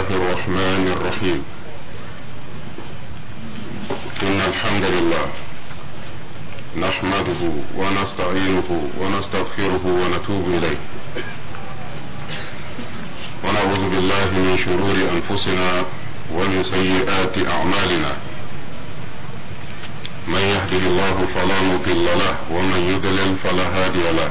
الله الرحمن الرحيم إن الحمد لله نحمده ونستعينه ونستغفره ونتوب إليه ونعوذ بالله من شرور أنفسنا ومن سيئات أعمالنا من يهده الله فلا مضل له ومن يضلل فلا هادي له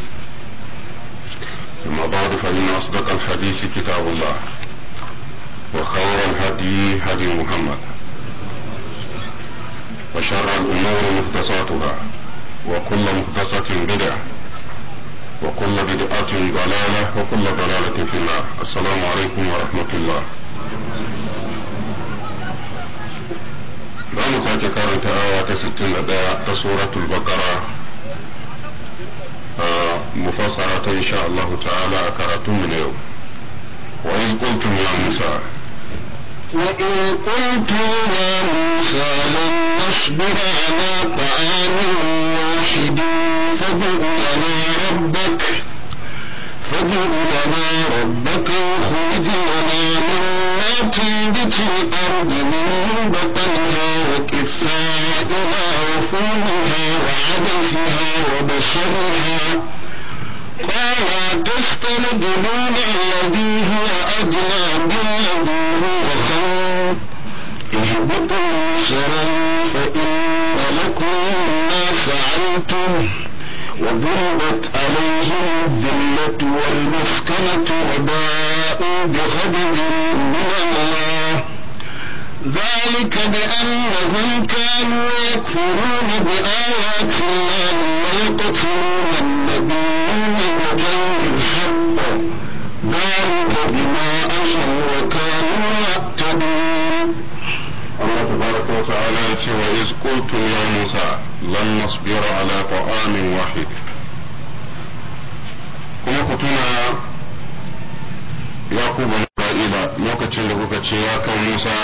أما بعد فإن أصدق الحديث كتاب الله وخير الهدي هدي محمد وشر الأمور مختصاتها وكل مختصة بدعة وكل بدعة ضلالة وكل ضلالة في النار السلام عليكم ورحمة الله بعد ذلك كانت آية aya ta 61 البقرة مفصلة إن شاء الله تعالى أكرتم من يوم قلتم يا موسى وإن قلتم يا موسى لن نصبر على طعام واحد فادع لنا ربك فادع لنا ربك يخرج لنا مما تنبت الأرض من بطنها وكفائها وفومها وعدسها وبشرها قال تستندون الذي هو أدنى بالذي هو خير اهبطوا شرا فإن لكم ما فعلتم وضربت عليهم الذلة والمسكنة وباءوا بغضب من الله ذلك بأنهم كانوا يكفرون بآيات الله ويقتلون النبيين بغير الحق ذلك بما أشروا وكانوا يعتدون الله تبارك وتعالى وإذ قلتم يا موسى لن نصبر على amin واحد kuma ku tuna ya ku bani lokacin da kuka ce kan musa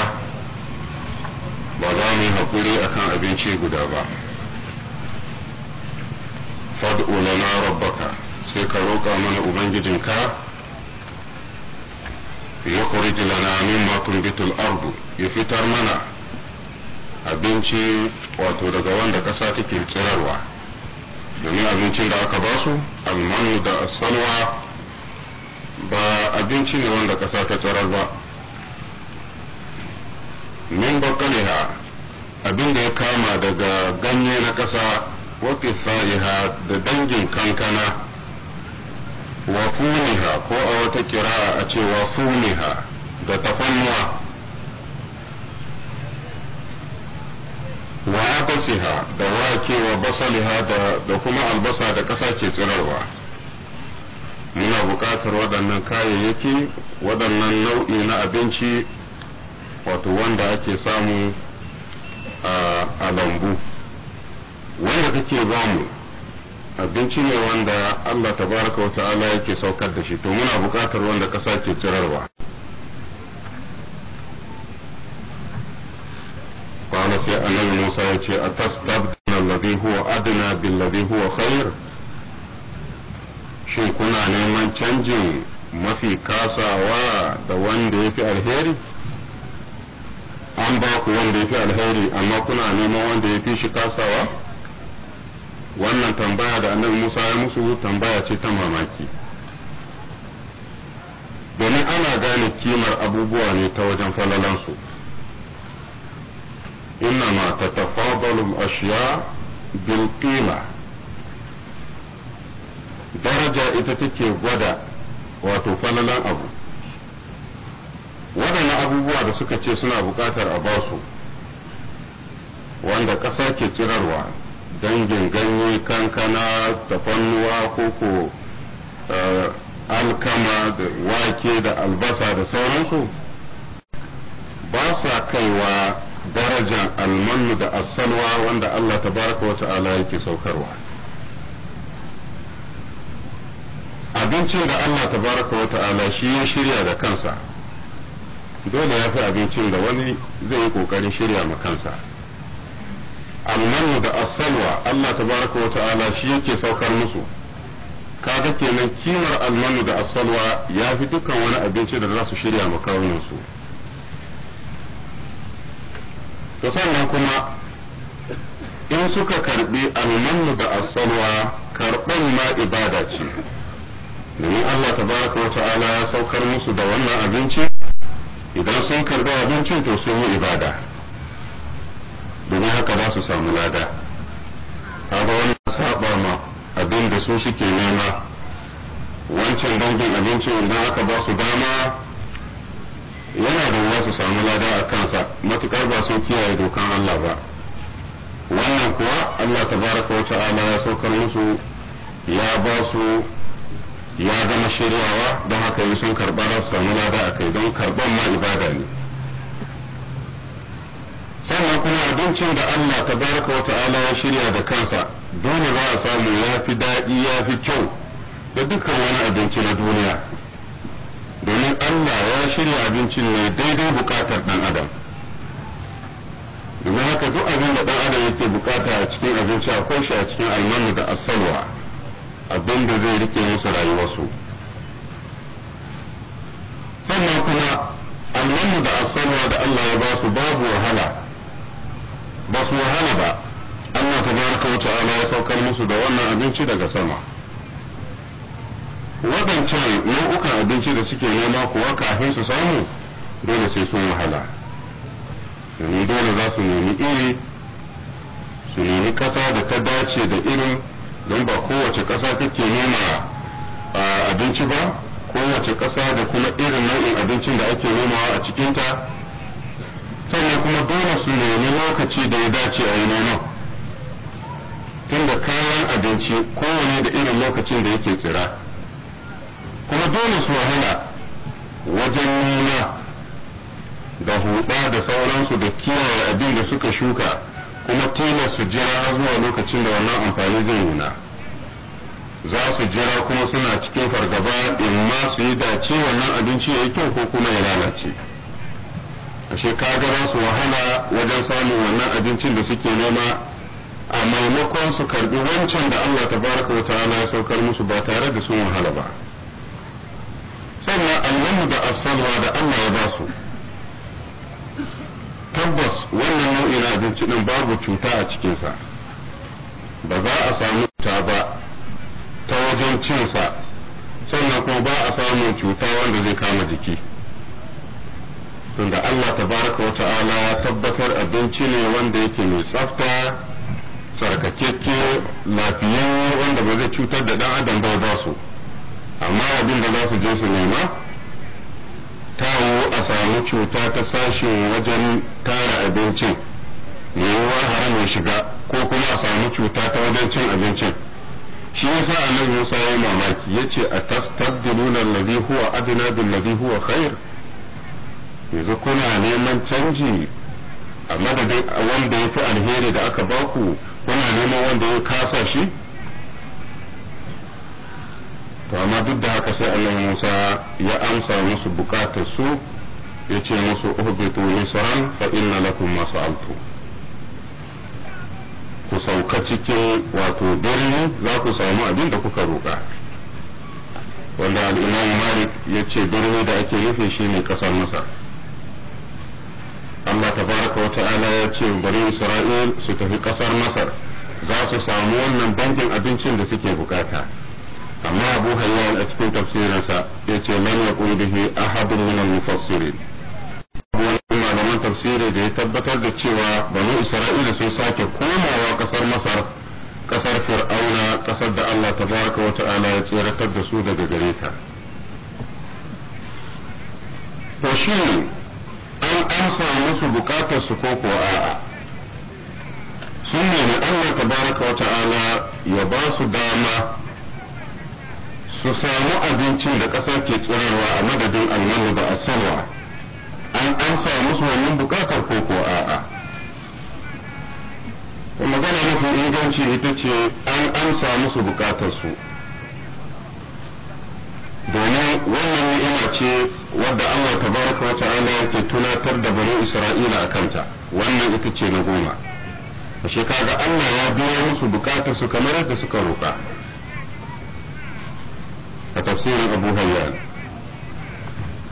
ba za mu yi haƙuri akan abinci guda ba fad'u lana rabbaka sai ka roƙa mana ubangijinka ya kuri lana min ma tumbitul ardu ya fitar mana abinci wato daga wanda ƙasa take tsirarwa domin abincin da aka ba su almanu da salwa ba abinci ne wanda ƙasa ta tsirar ba min bakaliha abin da ya kama daga ganye na ƙasa wafi sa'iha da dangin kankana wa funiha ko a wata kira a cewa funiha da tafannuwa wa abasiha da wake wa basaliha da kuma albasa da ƙasa ke tsirarwa muna buƙatar waɗannan kayayyaki waɗannan nau'i na abinci wato wanda ake samu a lambu wanda kake bamu abinci ne wanda Allah tabaraka wa ta'ala yake saukar da shi to muna buƙatar wanda ƙasa ke tsirarwa sai annabi Musa ya ce a tastabdina alladhi huwa adna billadhi huwa khair shin kuna neman canjin mafi kasawa da wanda yafi alheri an ba ku wanda yafi alheri amma kuna neman wanda yafi shi kasawa wannan tambaya da annabi Musa ya musu tambaya ce ta mamaki domin ana gane kimar abubuwa ne ta wajen falalansu إنما تتفاضل daraja ita درجة إذا تكي غدا وتفلل أبو waɗannan abubuwa da suka ce suna buƙatar a basu wanda ƙasa ke cirarwa dangin ganye kankana tafannuwa koko alkama da wake da albasa da sauransu ba sa kaiwa darajan almanu da asalwa wanda Allah tabaraka wa ta'ala yake saukarwa abincin da Allah tabaraka wa ta'ala shi ya shirya da kansa dole ya fi abincin da wani zai yi ƙoƙarin shirya ma kansa almanu da asalwa Allah tabaraka wa ta'ala shi yake saukar musu kaga kenan kimar almanu da asalwa ya fi dukkan wani abinci da za su shirya ma kawunansu su to sannan kuma in suka karbi almannu da asalwa karban ma ibada ce domin Allah tabaraka wa ta'ala ya saukar musu da wannan abinci idan sun karbi abinci to sun yi ibada domin haka za su samu lada kaga wannan saba ma abin da su suke nema wancan dangin abincin idan aka ba su dama yana da ruwa su samu lada a kansa matukar ba sun kiyaye dokan Allah ba wannan kuwa Allah baraka wa ta'ala ya saukar musu ya ba su ya zama shiryawa don haka yi sun karɓa za su samu lada a kai don karɓar ma ibada ne sannan kuma abincin da Allah ta wa ta'ala ya shirya da kansa dole za a samu ya fi daɗi ya fi kyau da dukkan wani abinci na duniya domin Allah ya shirya abincin ne daidai bukatar ɗan adam domin haka duk abin da dan adam yake bukata a cikin abinci akwai shi a cikin almanu da asalwa abin da zai rike musu rayuwarsu sannan kuma almanu da asalwa da Allah ya ba su babu wahala ba su wahala ba Allah tabaraka wata ta'ala ya saukar musu da wannan abinci daga sama waɗancan nau'ukan abinci da suke nema kuwa kafin su samu dole sai sun wahala domin dole za su nemi iri su nemi ƙasa da ta dace da irin don ba kowace ƙasa kake nema abinci ba kowace ƙasa da kuma irin nau'in abincin da ake nomawa a cikinta sannan kuma dole su nemi lokaci da ya dace a yi na tunda kayan abinci kowane da irin lokacin da yake tsira kuma dole su wahala wajen nuna da huɗa da sauransu da kiyaye abin da suka shuka kuma tilas su jira zuwa lokacin da wannan amfani zai nuna za su jira kuma suna cikin fargaba in ma su yi dace wannan abinci ya yi kyau ko kuma ya lalace ashe kaga za su wahala wajen samun wannan abincin da suke nema a maimakon su karbi wancan da Allah ta wa ta'ala ya saukar musu ba tare da sun wahala ba sannan alwani da asalwa da Allah ya ba su tabbas wannan nau'in abinci din babu cuta a cikinsa ba za a samu cuta ba ta wajen cinsa sannan kuma ba a samun cuta wanda zai kama jiki tunda Allah tabaraka wa ta'ala ya tabbatar abinci ne wanda yake mai tsafta sarkakekke lafiyayye wanda ba zai cutar da dan adam ba ba su amma abin da za su je su nema tawo a samu cuta ta sashen wajen tara abincin yiwuwar haram ya shiga ko kuma a samu cuta ta wajen cin abincin shi yasa annabi Musa ya yi mamaki yace nuna alladhi huwa adna bil ladhi huwa khair yanzu kuna neman canji a madadin wanda ya fi alheri da aka baku kuna neman wanda ya kasa shi to amma duk da haka sai Allah Musa ya amsa musu bukatar su ya ce musu uhbitu misran fa inna lakum ma sa'altu ku sauka cikin wato birni za ku samu abin da kuka roƙa wanda al al-Imam malik ya ce birni da ake shi shine ƙasar masar Allah tabaraka wa ta'ala ya ce bari Isra'il su tafi ƙasar Masar za su samu wannan dangin abincin da suke bukata. amma abu hayyan a cikin tafsirinsa ya ce lam yaqul bihi ahadun min al-mufassirin malaman tafsiri da ya tabbatar da cewa banu isra'ila sun sake komawa kasar masar kasar fir'auna ƙasar da Allah tabaraka wa ta'ala ya tseratar da su daga gare ta to shi an amsa musu buƙatar su ko ko a'a sun nemi Allah tabaraka wa ta'ala ya ba su dama su samu abincin da ƙasa ke tsirarwa a madadin almanu da asarwa an amsa musu wannan bukatar ko ko a'a magana mafi inganci ita ce an amsa musu su. domin wannan ni'ima ce wadda Allah tabaraka wata ta'ala yake tunatar da bari Isra'ila a kanta wannan ita ce na goma shi kaga Allah ya biya musu su kamar yadda suka roƙa a tafsirin abu hayyan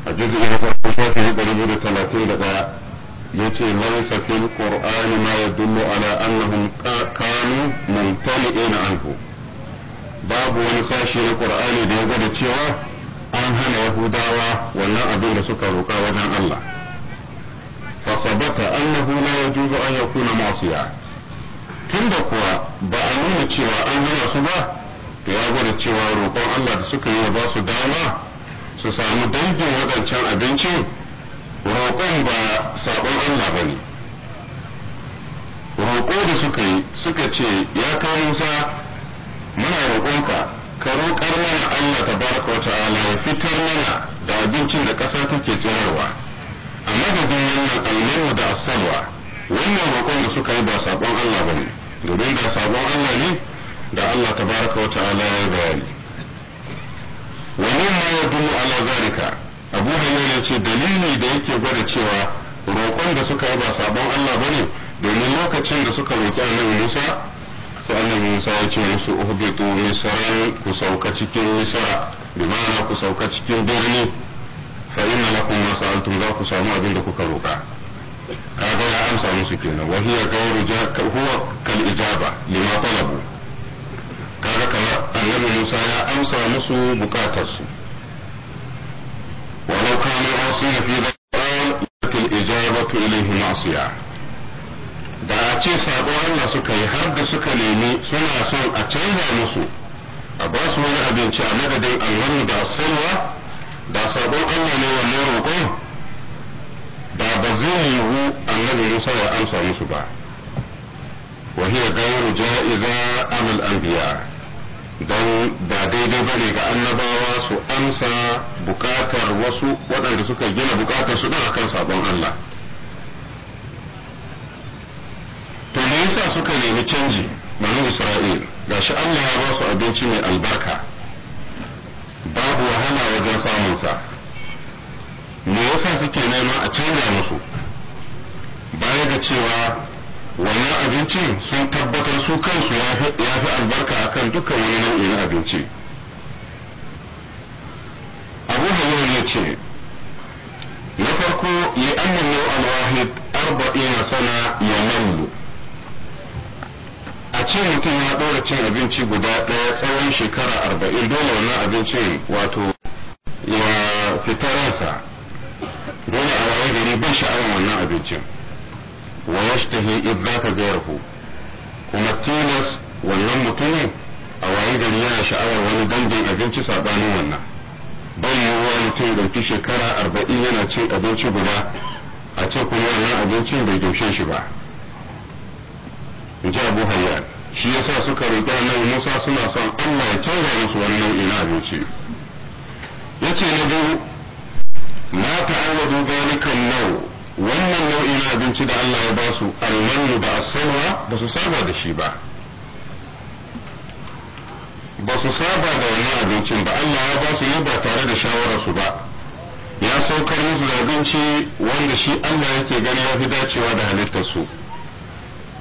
a jirgin na farko shafi na ɗari da talatin da ɗaya ya ce laisa fil qur'ani ma yadullu ala annahum kanu mumtali'ina anhu babu wani sashi na qur'ani da ya gwada cewa an hana yahudawa wannan abin da suka roka wajen Allah fasabata annahu la yajuzu an yakuna masiya tunda kuwa ba a nuna cewa an hana su ba to ya gwada cewa roƙon Allah da suka yi ya ba su dama su samu dangin waɗancan abinci roƙon ba saƙon Allah ba ne roƙo da suka yi suka ce ya kai Musa muna roƙonka ka roƙar mana Allah ta baraka wa ta'ala ya fitar mana da abincin da ƙasa take tsirarwa a madadin wannan almaru da asalwa wannan roƙon da suka yi ba saƙon Allah ba ne domin da saƙon Allah ne da Allah tabaraka wa ta'ala ya bayani wa mimma yadullu ala zalika Abu Hurairah ce dalili da yake gwada cewa roƙon da suka yi ba sabon Allah bane domin lokacin da suka roƙi Annabi Musa sai Annabi Musa ya ce musu uhbitu misran ku sauka cikin misra bi ma'ana ku sauka cikin birni fa inna lakum ma sa'altum za ku samu abin da kuka roƙa kaga ya amsa musu kenan wa hiya gairu huwa kal ijaba lima talabu kaga kamar annabi Musa ya amsa musu bukatarsu law kana asiya fi da'an til ijabatu ilayhi ma'siya da a ce sabo Allah suka yi har da suka nemi suna son a canza musu a ba su wani abinci a madadin alwani da salwa da sabon Allah ne wannan roƙon da ba zai yiwu annabi Musa ya amsa musu ba وهي غير جائزة عن الأنبياء don ba daidai ba ne ga annabawa su amsa bukatar wasu waɗanda suka gina bukatar su ɗan akan sabon Allah. To me yasa suka nemi canji bani Isra'il ga shi Allah ya ba su abinci mai albarka babu wahala wajen samunsa. Me yasa suke nema a canza musu baya ga cewa wannan abinci sun tabbatar su kansu ya fi albarka akan dukkan wani nau'i na abinci abu hanyar ya ce na farko yi annan nau'an wahid a sana ya mallu a ce mutum ya ɗora cin abinci guda ɗaya tsawon shekara arba'in dole wannan abincin wato ya fitararsa dole a waye gari ban sha'awar wannan abincin wa yashtahi idraka ku. kuma tilas wannan mutumin a wayi gari yana sha'awar wani dangin abinci sabanin wannan bai yiwuwa mutum ɗauki shekara arba'in yana cin abinci guda a ce kuma wannan abincin bai daushe shi ba in ji abu hayyan shi yasa suka roƙi annabi musa suna son allah ya canza musu wani nau'i na abinci yace na biyu ma ta'awwadu zalikan nau' wannan nau'i na abinci da Allah ya ba su almanu da asalwa ba su saba da shi ba ba su saba da wannan abincin ba Allah ya ba su yi ba tare da shawararsu ba ya saukar musu da abinci wanda shi Allah yake gani ya fi dacewa da halittarsu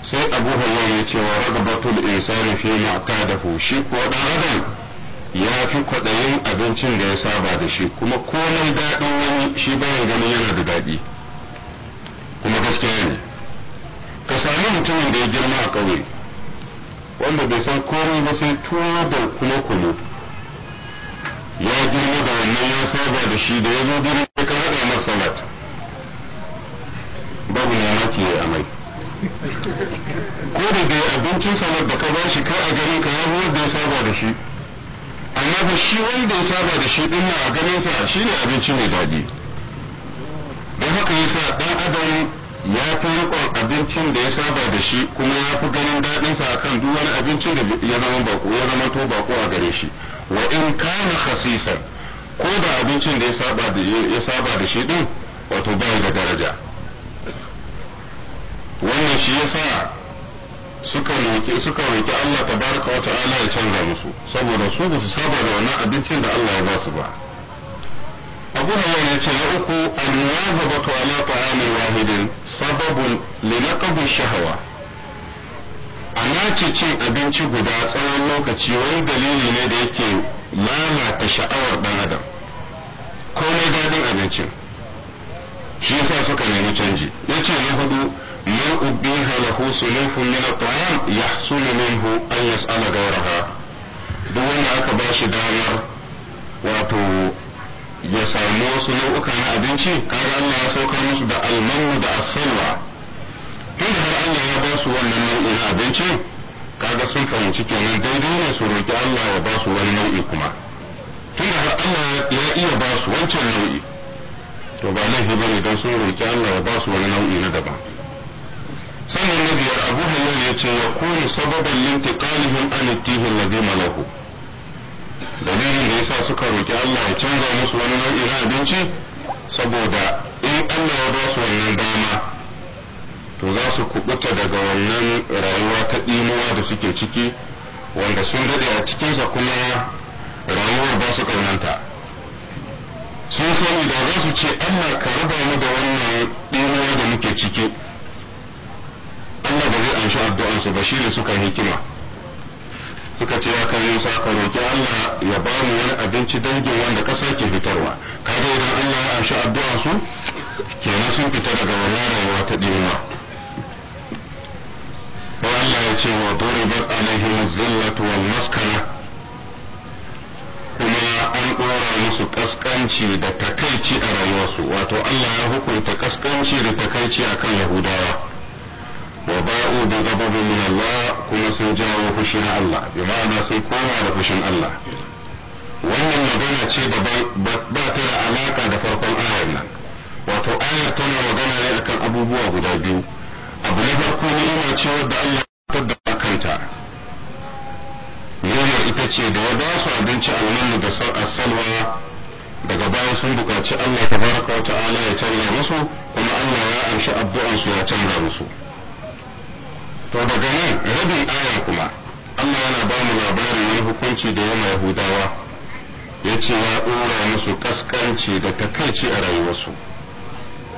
sai abu hawa ya ce wa batul insani fi ma'tadahu shi ko dan adam ya fi kwaɗayin abincin da ya saba da shi kuma komai daɗin wani shi bayan ganin yana da daɗi kuma gaskiya ne ka sami mutumin da ya girma a ƙauye wanda bai san komai ba sai tuwo da kuma kunu ya girma da wannan ya saba da shi da ya zo gari ya ka haɗa masa salat babu mamaki ya amai ko da dai abincin salat da ka ba shi kai a garin ka ya da ya saba da shi amma ba shi wanda ya saba da shi din na a ganin sa shi ne abinci mai daɗi don haka yasa ɗan adam ya fi rikon abincin da ya saba da shi kuma ya fi ganin daɗinsa kan duk wani abincin da ya zama bako ya zama to bako a gare shi wa in kana khasisan ko da abincin da ya saba da ya saba da shi din wato bai da daraja wannan shi yasa suka roki suka roki Allah tabaraka wa ta'ala ya canza musu saboda su ba su saba da wannan abincin da Allah ya ba su ba abu hayyan ya ce na uku almuwazabatu ala ta'amin wahidin sababun linaqdi shahawa nace cin abinci guda tsawon lokaci wani dalili ne da yake lalata sha'awar ɗan adam komai daɗin abincin shi yasa suka nemi canji yace na hudu man ubiha lahu sulufun min at-ta'am yahsulu minhu an yas'ala ghayraha duk wanda aka bashi damar wato ya samu wasu nau'uka na abinci kaga Allah ya saukar musu da almanu da asalwa tun har Allah ya ba su wannan nau'i na abinci kaga sun fahimci kenan daidai ne su roƙi Allah ya ba su wani nau'i kuma tun har Allah ya iya ba su wancan nau'i to ba laifi bane don sun roƙi Allah ya ba su wani nau'i na daban sannan na biyar abu hanyar ya ce ya kuni sababan lintikalihim an ittihin ladima dalilin da yasa suka roki Allah ya canza musu wani nau'in abinci saboda in Allah ya ba su wannan dama to za su kubuta daga wannan rayuwa ta ɗimuwa da suke ciki wanda sun daɗe a cikinsa kuma rayuwar ba su ƙaunanta sun sani da za su ce Allah ka raba mu da wannan ɗimuwa da muke ciki Allah ba zai amshi addu'ansu ba shi ne suka hikima suka ce ya yi sa ka roƙi Allah ya ba mu wani abinci dangin wanda ƙasa ke fitarwa kada idan Allah ya amshi addu'a su kenan sun fita daga wannan rayuwa ta dimuwa ko Allah ya ce wa duribat alaihim zillatu wal maskana kuma an ɗora musu ƙasƙanci da takaici a rayuwarsu wato Allah ya hukunta kaskanci da takaici akan Yahudawa wa ba'u bi ghadabin min kuma sun jawo fushi na Allah bi ma'ana sun da Allah wannan magana ce da ba ta da alaka da farkon ayar nan wato ayar tana magana ne akan abubuwa guda biyu abu na farko ni'ima ce wadda Allah ya kaddara kanta ni'imar ita ce da ya ba su abinci almanu da salwa daga baya sun buƙaci Allah baraka wa ta'ala ya canza musu kuma Allah ya amshi su ya canza musu to daga nan rabin aya kuma Allah yana ba mu labarin wani hukunci da yana Yahudawa ya ce ya ɗora musu kaskanci da takaici a rayuwarsu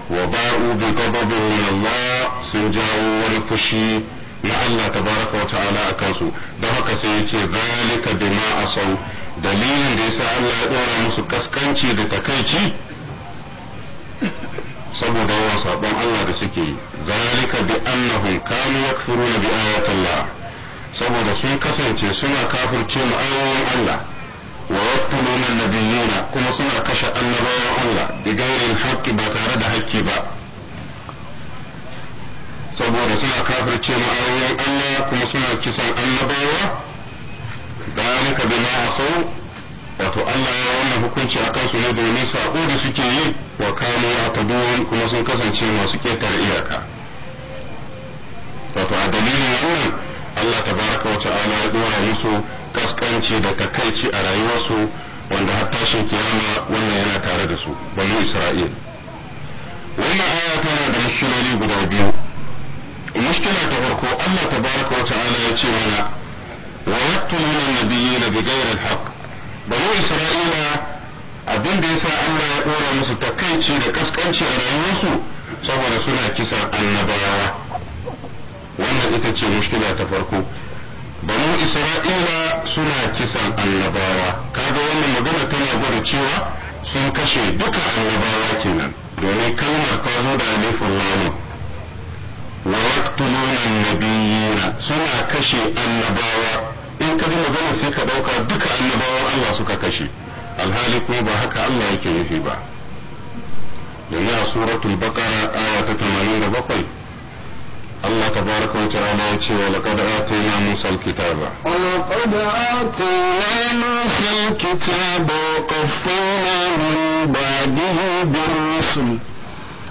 wa ba'u bi gababin Allah sun jawo wani fushi na Allah tabaraka wa ta'ala a kansu don haka sai ya yace zalika ma sau dalilin da ya sa Allah ya ɗora musu kaskanci da takaici saboda yawan sabon Allah da suke zalika bi annahum kanu yakfuruna bi ayatillah saboda sun kasance suna kafirce mu ayoyin Allah wa yaqtuluna nabiyina kuma suna kashe annabawan Allah bi gairin haqqi ba tare da haƙƙi ba saboda suna kafirce mu ayoyin Allah kuma suna kisan annabawa dalika bima sau? wato Allah ya wannan hukunci a kansu ne domin sako da suke yi wa kanu ya kuma sun kasance masu ƙetare iyaka wato a dalilin wannan Allah baraka wata ta'ala ya dora musu kaskanci da takaici a rayuwarsu wanda har tashin kiyama wannan yana tare da su bani Isra'il wannan aya tana da mushkiloli guda biyu mushkila ta farko Allah ta baraka wata ala ya ce mana wa yaqtuluna an-nabiyina bighayri al haka? bani isra'ila abin da yasa Allah ya ɗora musu takaici da kaskanci a rayuwarsu saboda suna kisan annabawa wannan ita ce mushkila ta farko banu isra'ila suna kisan annabawa kaga wannan magana tana gwada cewa sun kashe duka annabawa kenan domin kalmar ta zo da alifin lamun wa yaqtuluna suna kashe annabawa in ka ji magana sai ka ɗauka duka annabawan Allah suka kashe alhali ko ba haka Allah yake nufi ba domin a suratul baqara aya ta 87 الله تبارك وتعالى يقول ولقد آتينا موسى الكتاب ولقد آتينا موسى الكتاب وقفينا من بعده بالرسل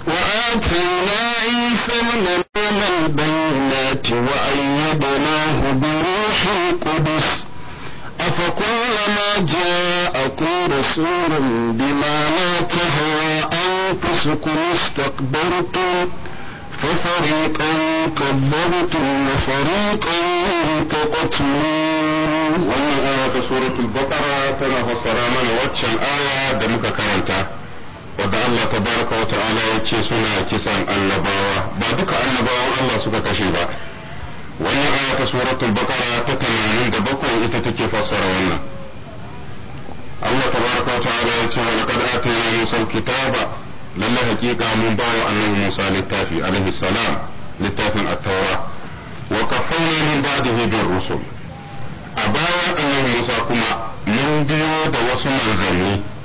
وآتينا عيسى ابن مريم البينات وأيدناه بروح القدس أفكلما جاءكم رسول بما لا تهوى أنفسكم استكبرتم ففريقا كذبتم وفريقا تقتلون ومن آية سورة البقرة تنهى سرامنا واتشا الآية دمك كرنتا wanda Allah baraka wa ta'ala ya ce suna kisan annabawa ba duka annabawan Allah suka kashe ba wannan aya ta suratul baqara ta 87 ita take fassara wannan Allah ta baraka wa ta'ala ya ce wa laqad atayna musa kitaba lalla haqiqa mun bawa annabi Musa littafi alaihi salam littafin at-taura wa kafawna min ba'dihi bir rusul a bayan annabi Musa kuma mun biyo da wasu manzanni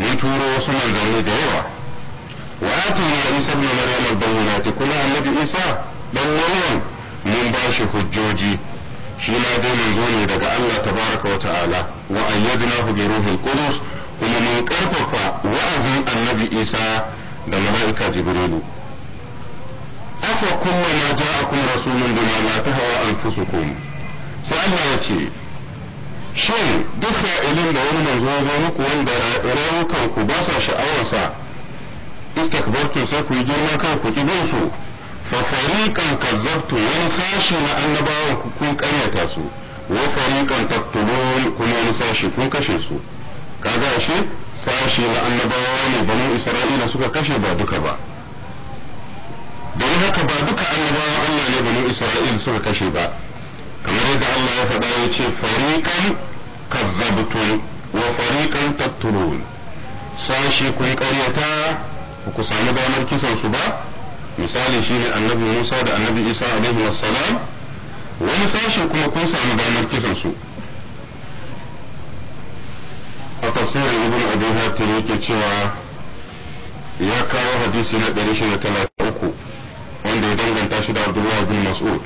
mun turo wasu manzanni da yawa wa atuna isa ibn maryam bayyana bayyinati kuma annabi isa dan maryam mun ba shi hujjoji shi ma dai manzo ne daga Allah tabaraka wa ta'ala wa ayyadnahu bi ruhil qudus kuma mun karfafa wa'azin annabi isa da mala'ika jibrilu afa kullama ja'akum rasulun bima la hawa anfusukum sai Allah ya ce shin duk fa’ilin da wani manzo ya zo muku wanda rayukan ku ba sa sha'awarsa istakbartum sai ku yi girma kan ku ki su fa ka zartu wani sashi na annabawan ku kun karyata su wa fariƙan taqtulun kuma wani sashi kun kashe su kaga shi sashi na annabawa ne banu isra'ila suka kashe ba duka ba don haka ba duka annabawan Allah ne banu isra'ila suka kashe ba kamar yadda Allah ya faɗa ya ce fariƙan kazzabtu wa fariƙan tatturun sashi ku yi ƙaryata ku sami damar kisan su ba misali shi ne annabi Musa da annabi Isa alaihi wassalam wani sashi kuma kun sami damar kisan su a tafsirin ibn abi hatim yake cewa ya kawo hadisi na 133 wanda ya danganta shi da abdullahi bin Mas'ud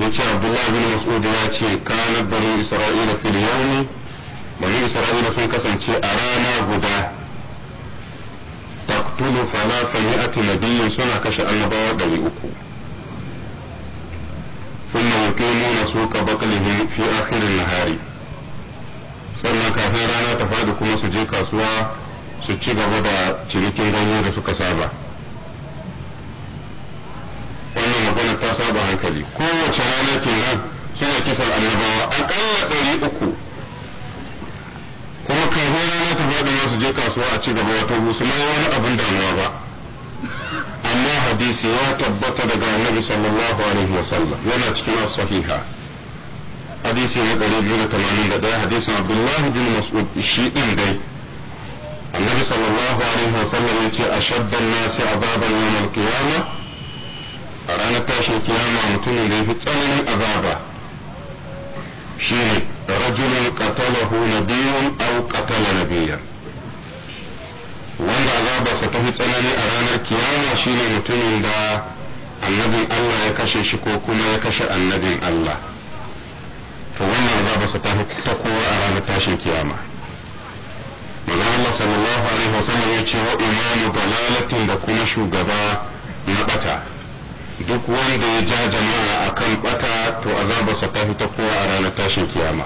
yace Abdullah bin Mas'ud ya ce kana bani Isra'ila fil yawmi bani Isra'ila sun kasance a rana guda taqtulu a mi'ati nabiyyin suna kashe annabawa ɗari uku ثم يقيمون سوق بقلهم في آخر النهار sannan kafin rana ta fadi kuma su je kasuwa su ci gaba da cinikin ganye da suka saba wannan magana ta saba hankali kowace rana kenan suna kisan annabawa aƙalla ɗari uku kuma kafin rana ta faɗi masu je kasuwa a ci gaba wato musulmai wani abin damuwa ba amma hadisi ya tabbata daga annabi sallallahu alaihi sallam yana cikin sahiha hadisi na ɗari biyu da tamanin da ɗaya hadisin abdullahi bin mas'ud shi ɗin dai النبي صلى الله عليه وسلم يقول أشد الناس عذابا يوم القيامة a ranar tashin kiyama mutumin da ya fi tsananin azaba shi ne rajulun qatalahu nabiyun aw qatala nabiyan wanda azabarsa ta fi tsanani a ranar kiyama shi ne mutumin da annabin Allah ya kashe shi ko kuma ya kashe annabin Allah to wannan azabarsa ta fi ta kowa a ranar tashin kiyama manzon Allah sallallahu alaihi wasallam ya ce wa imamu dalalatin da kuma shugaba na bata duk wanda ya ja jama'a akan bata to azabarsa ta fita kowa a ranar tashin kiyama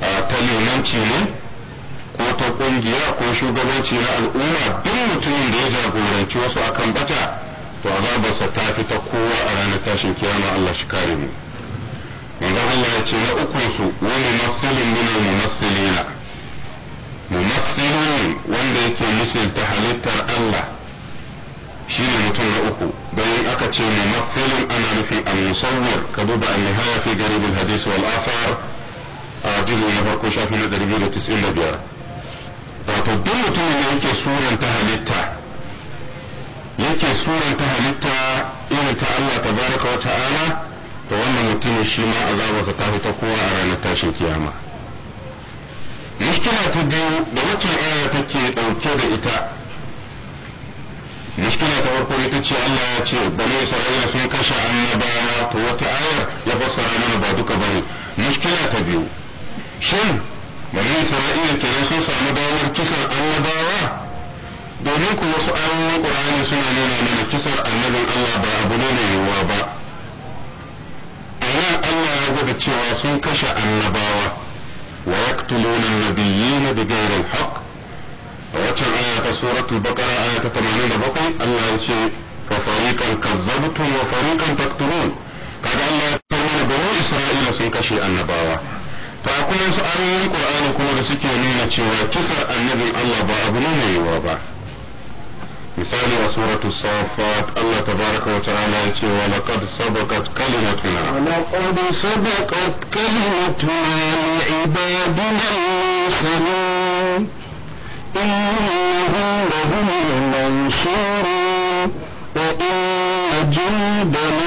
ta limanci ne ko ta ƙungiya ko shugabanci na al'umma duk mutumin da ya jagoranci wasu akan bata to azabarsa ta fita kowa a ranar tashin kiyama Allah shi kare mu manzo Allah ya ce na ukun su wani masalin min al-mumassilina mumassilun wanda yake misalta halittar Allah shine mutum na uku don aka ce mu mafilin ana nufi a musawwir ka duba an nihaya fi garibin hadisi wal afar a jizo na farko shafi na 295 wato duk mutumin da yake suranta halitta yake suranta halitta irin ta Allah ta baraka wa ta'ala to wannan mutumin shi ma azabarsa ta fita kowa a ranar tashin kiyama mushkila ta biyu da wacce aya take dauke da ita mushkila ta farko ita ce Allah ya ce bani Isra'ila sun kashe annabawa to wata ayar ya fasa mana ba duka bane mushkila ta biyu shin bani Isra'ila kenan sun samu damar kisan annabawa domin ku wasu ayoyin Qur'ani suna nuna mana kisan annabin Allah ba abu ne mai yiwuwa ba amma Allah ya gwada cewa sun kashe annabawa wa yaqtuluna an-nabiyyina bighayri al a wacce aya ta suratul baqara aya ta 87 Allah ya ce fa fariqan kazzabtum wa fariqan taqtulun kaga Allah ya da bani Isra'ila sun kashe annabawa to akwai wasu ayoyin Qur'ani kuma da suke nuna cewa kisar annabi Allah ba abu ne mai yiwuwa ba misali a suratu safat Allah tabaraka wa ta'ala ya ce wa laqad sabaqat kalimatuna wa laqad sabaqat kalimatuna li ibadina al-mursalin إنهم لهم المنصورون وإن جندنا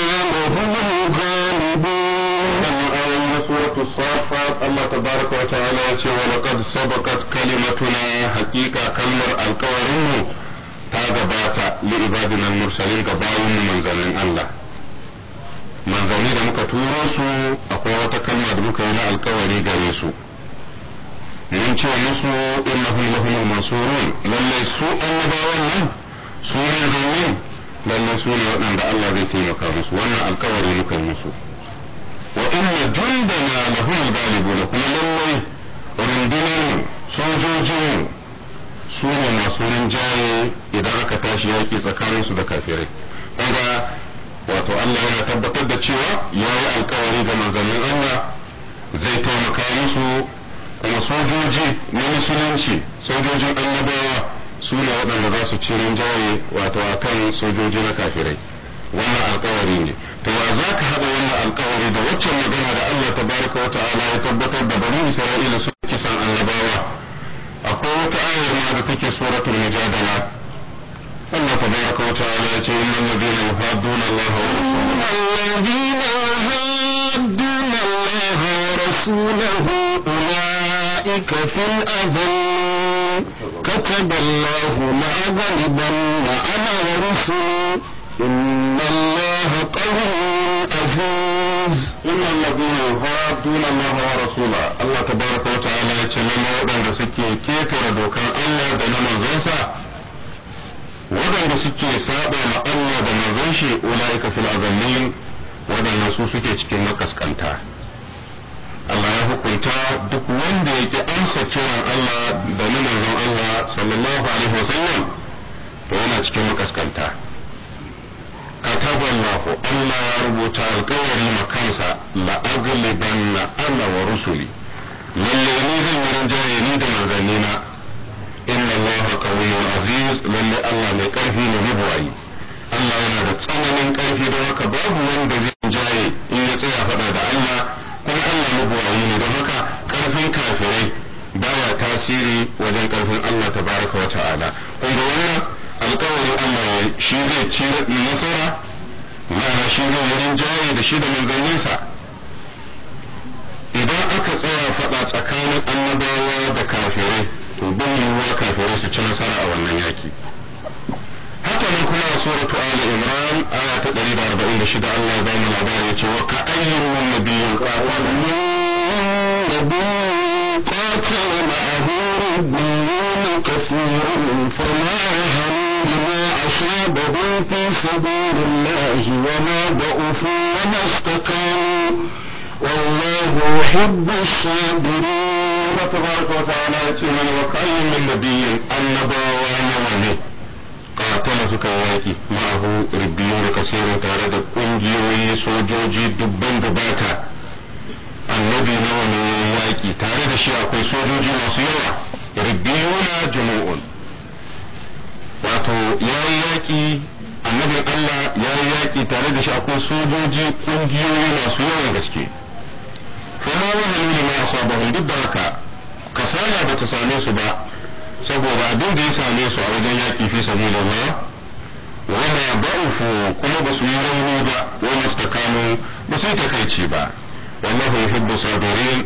لهم الغالبون أيضا سورة الصافات الله تبارك وتعالى ولقد سبقت كلمتنا حقيقة كلمة الكوارون هذا بات لعبادنا المرسلين كباون من الله manzanni da muka turo su akwai wata kalma da muka yi na alkawari gare su mun ce musu innahum lahumul mansurun lalle su annabawan nan su ne zannin su ne waɗanda Allah zai taimaka musu wannan alkawari muka yi musu wa inna jundana lahumul ghalibuna kuma lallai rundunar sojojin su ne masu rinjaye idan aka tashi yaƙi tsakaninsu da kafirai kaga wato Allah yana tabbatar da cewa ya yi alkawari ga manzannin Allah zai taimaka musu kuma sojoji na musulunci sojojin annabawa su ne waɗanda za su ci rinjaye wato a kan sojoji na kafirai wannan alkawari ne to wa za ka haɗa wannan alkawari da waccan magana da Allah ta baraka wata ala ya tabbatar da bani Isra'ila su kisan annabawa akwai wata ayar ma da take suratul mujadala Allah ta baraka wa ta'ala ya ce innal ladina الذين يحادون الله ورسوله أولئك أولئك في الأذن كتب الله لأغلبن أنا ورسلي إن الله قوي عزيز إن الذين يهادون الله ورسوله الله تبارك وتعالى يتلم وبن سكي كيف ردوك الله بن منزلسة وبن سكي سابع الله بن منزلشي أولئك في الأذنين وبن سوسكي تكي كنتا Allah ya hukunta duk wanda ya ki amsa kiran Allah da na manzon Allah sallallahu alaihi wasallam to yana cikin makaskanta kataballahu Allah ya rubuta alkawari makansa la aghlibanna ana wa rusuli lalle ni zan yi rinjaye ni da manzannina inna Allah qawiyyun aziz lalle Allah mai karfi ne buwayi. Allah yana da tsananin karfi don haka babu wanda zai rinjaye in ya tsaya faɗa da Allah mabuwayi ne da haka karfin kafirai bawa tasiri wajen ƙarfin Allah ta wa ta'ala kun ga wannan alƙawarin Allah shi zai ci nasara ma'ana shi zai wurin jaye da shi da manzanninsa idan aka tsaya faɗa tsakanin annabawa da kafirai to bin yiwuwa kafirai su ci nasara a wannan yaki haka kuma suratu ali imran aya ta 146 Allah ya bayyana labarin yace wa ka ayyun nabiyyin qatala nabiyyin qatala ma'ahu rabbiyun kathirun fama yahamu ma asabahu fi sabilillahi wa ma da'ufu wa ma istaqamu والله يحب الصابرين تبارك وتعالى يقول وكأي من نبي النبوة نوى tana suka yi yaƙi ma'ahu ribbiyun da kasiru tare da ƙungiyoyi sojoji dubban gabata annabi nawa ne yaƙi tare da shi akwai sojoji masu yawa na jama'un wato ya yi yaƙi annabin Allah ya yi yaƙi tare da shi akwai sojoji ƙungiyoyi masu yawan gaske kuma wani ne ma asabahun duk da haka kasala ba ta same su ba saboda abin da ya same su a wajen yaƙi fi sabilillah ya ba ba'ufu kuma ba su yi rauni ba wa mastakanu ba su yi takaici ba wallahu yuhibbu sabirin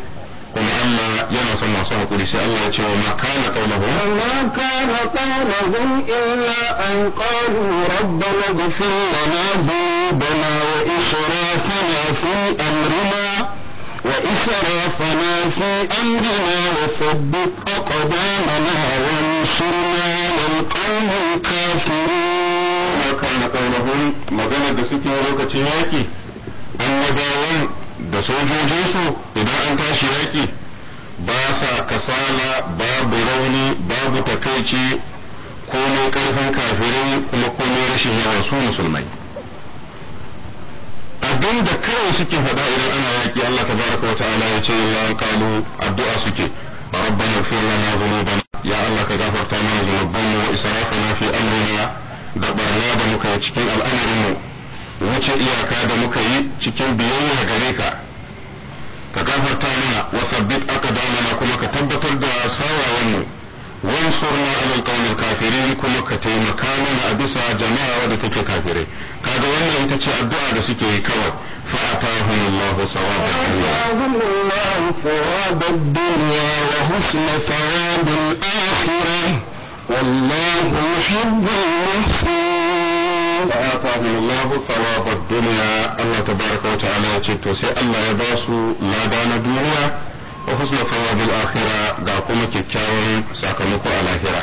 kuma Allah yana son masu hakuri sai Allah ya ce wa makana kana qawluhum ma kana qawluhum illa an qalu rabbana ighfir lana dhunubana wa israfana إسرافنا في أمرنا وثبت أقدامنا وانصرنا على القوم الكافرين وكان قولهم مغنى دسكي ولوكة ياكي annabawan da sojojinsu idan an tashi yaƙi ba sa kasala babu rauni babu takaici komai ƙarfin kafirai kuma komai rashin yawan su musulmai abin da kawai suke faɗa idan ana yaƙi Allah baraka wa ta'ala ya ce ya kalu addu'a suke rabbana ighfir lana dhunubana ya Allah ka gafarta mana dhunubanmu wa israfana fi amrina da barna da muka yi cikin al'amarinmu wuce iyaka da muka yi cikin biyayya gare ka ka gafarta mana wa sabbit aqdamana kuma ka tabbatar da mu وانصرنا على القوم الكافرين kuma ka taimaka mana a ودتك jama'a wadda take kafirai kaga wannan ita ce addu'a da فأتاهم الله ثواب الدنيا وحسن ثواب الآخرة والله يحب المحسنين فآتاهم الله ثواب الدنيا الله تبارك وتعالى يتشتو سي الله يباسو لا دان الدنيا wa husnul fawzil ga kuma kyakkyawan sakamako a lahira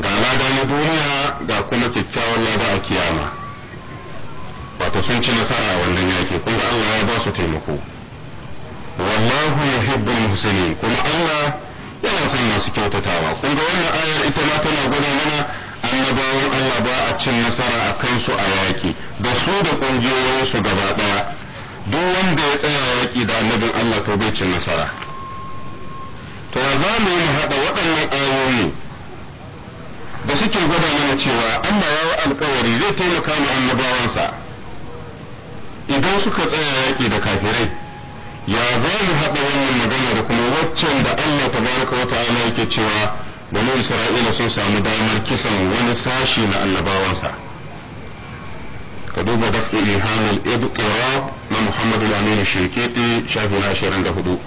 ga lada na duniya ga kuma kyakkyawan lada a kiyama wato sun ci nasara a wannan yaki kuma Allah ya ba taimako wallahu yuhibbul muhsinin kuma Allah yana son masu kyautatawa kun ga wannan ayar ita ma tana gwada mana annabawan Allah ba a cin nasara a kansu a yaki da su da ƙungiyoyinsu gaba ɗaya duk wanda ya tsaya yaƙi da annabin Allah to bai cin nasara to za mu yi mu haɗa waɗannan ayoyi da suke gwada mana cewa Allah ya yi alkawari zai taimaka ma annabawansa idan suka tsaya yaƙi da kafirai ya za mu haɗa wannan magana da kuma waccan da Allah ta baraka wa ta'ala yake cewa bani Isra'ila sun samu damar kisan wani sashi na annabawansa ka duba dafi ihamul ibtirab na Muhammad al-Amin Shinkiti shafi na 24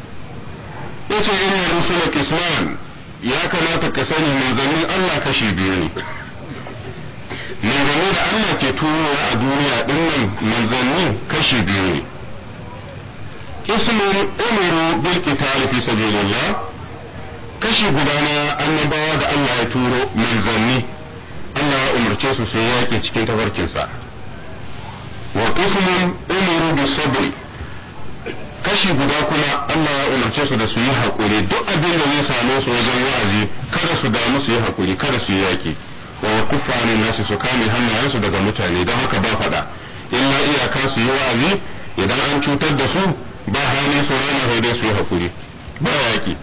yace inna rusul islam ya kamata ka sani manzannin Allah kashi biyu ne manzanni da Allah ke turowa a duniya dinnan manzanni kashi biyu ne ismun umiru bil qital fi sabilillah kashi guda na annabawa da Allah ya turo manzanni Allah ya umarce su sai su yake cikin tafarkinsa wa qismun umiru kashi guda kuma Allah ya umarce su da su yi hakuri duk abin da zai same su wajen wa'azi kada su damu su yi hakuri kada su yi yaki wa kuffa nasu su kame hannayensu daga mutane don haka ba faɗa illa iyaka su yi wa'azi idan an cutar da su ba hali su rana dai su yi hakuri ba yaki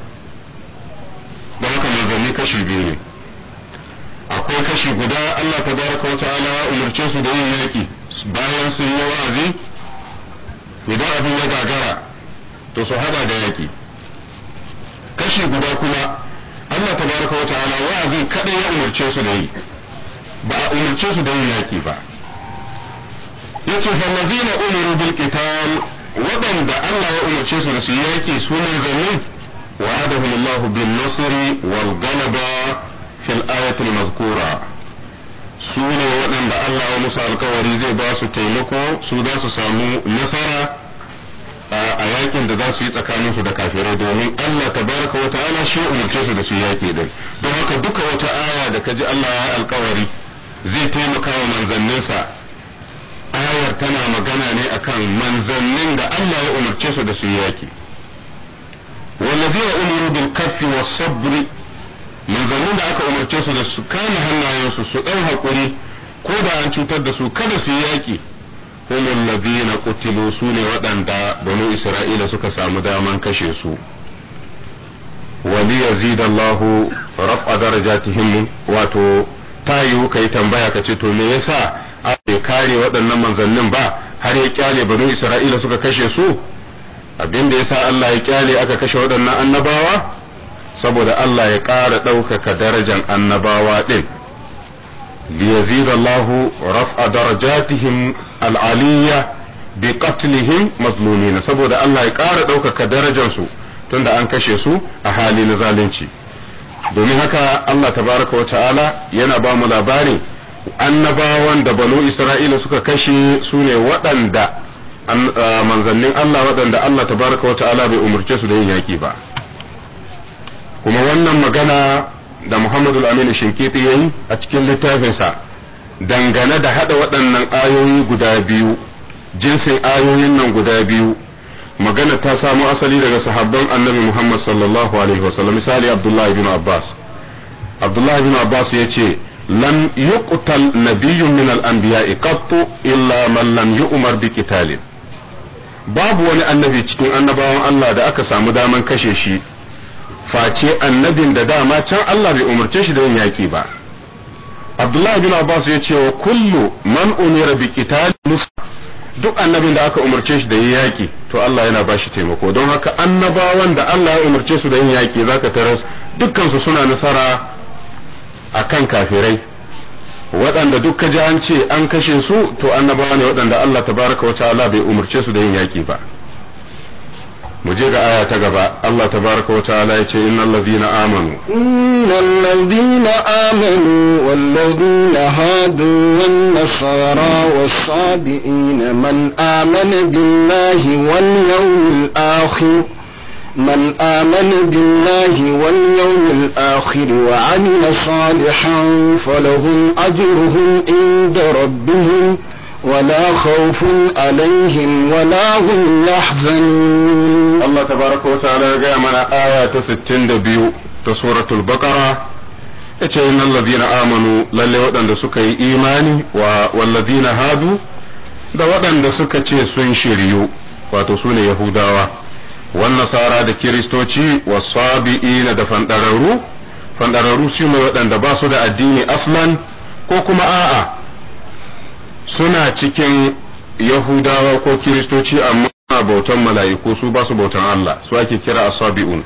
don haka manzanni kashi biyu ne akwai kashi guda Allah ta tabaraka ala ya umarce su da yin yaki bayan sun yi wa'azi idan abin ya gagara to su hada da yaki kashi guda kuma Allah tabaraka wa ta'ala wa'azi kadai ya umarce su da yi ba a umarce su da yin yaki ba yace fa allazina umiru bil qital waɗanda Allah ya umarce su da su yaki su ne zamin wa'adahum Allah bin nasri wal galaba fil ayati al su ne waɗanda Allah ya musu alkawari zai ba su taimako su za su samu nasara a yakin da za su yi su da kafirai domin Allah ta baraka wata ala shi umarce su da su yaƙi din don haka duka wata aya da ka ji Allah ya alkawari zai taimaka wa manzanninsa ayar tana magana ne akan manzannin da Allah ya umarce su da su yaƙi والذين أمروا بالكف والصبر manzannin da aka umarce su da su kame hannayensu su ɗan haƙuri ko da an cutar da su kada su yi yaƙi humul ladina qutilu su ne waɗanda banu isra'ila suka samu daman kashe su wa li yazidallahu rafa darajatihim wato ta yiwu kai tambaya ka ce to me yasa bai kare waɗannan manzannin ba har ya kyale banu isra'ila suka kashe su abin da yasa Allah ya kyale aka kashe waɗannan annabawa saboda Allah ya ƙara ɗaukaka darajan annabawa ɗin ليزيد الله رفع درجاتهم saboda Allah ya سبو ɗaukaka الله su tunda an kashe su a hali na zalunci. domin haka Allah tabaraka wa ta'ala yana ba mu labarin annabawan da banu Isra'ila suka kashe su ne waɗanda uh, manzannin Allah waɗanda Allah tabaraka wa ta'ala bai umarci su da yin yaƙi ba. kuma wannan magana da Muhammadu Aminu Shinkiti ya yi a cikin littafinsa dangane da haɗa waɗannan ayoyi guda biyu jinsin ayoyin nan guda biyu magana ta samu asali daga sahabban annabi Muhammad sallallahu alaihi wasallam misali Abdullahi bin Abbas Abdullahi bin Abbas ya ce lam yuqtal nabiyyun min al qattu illa man lam yu'mar bi qitalin babu wani annabi cikin annabawan Allah da aka samu daman kashe shi face annabin da dama can Allah bai umarce shi da yin yaki ba Abdullahi bin Abbas ya ce wa kullu man umira bi qitali duk annabin da aka umarce shi da yin yaki to Allah yana shi taimako don haka annabawan da Allah ya umarce su da yin yaki zaka taras dukkan su suna nasara akan kafirai waɗanda duk ka ji an ce an kashe su to annabawa ne waɗanda Allah tabaraka wa Allah bai umarce su da yin yaki ba mu je ga aya ta gaba Allah tabaraka wa ta'ala yace innal ladina amanu innal ladina amanu wal ladina hadu wan nasara was sabiin man amana billahi wal yawmil akhir من آمن بالله واليوم الآخر وعمل صالحا فلهم أجرهم عند ربهم ولا خوف عليهم ولا هم يحزنون الله تبارك وتعالى قام آية 62 سورة البقرة yace innal ladina amanu lallai waɗanda suka yi imani wa walladina hadu da waɗanda suka ce sun shiryu wato sune yahudawa wan nasara da kiristoci wasabi'ina da fandararru fandararru su ne waɗanda ba su da addini aslan ko kuma a'a suna cikin yahudawa ko kiristoci amma bautan mala'iku su ba su bautan Allah su ake kira asabi'un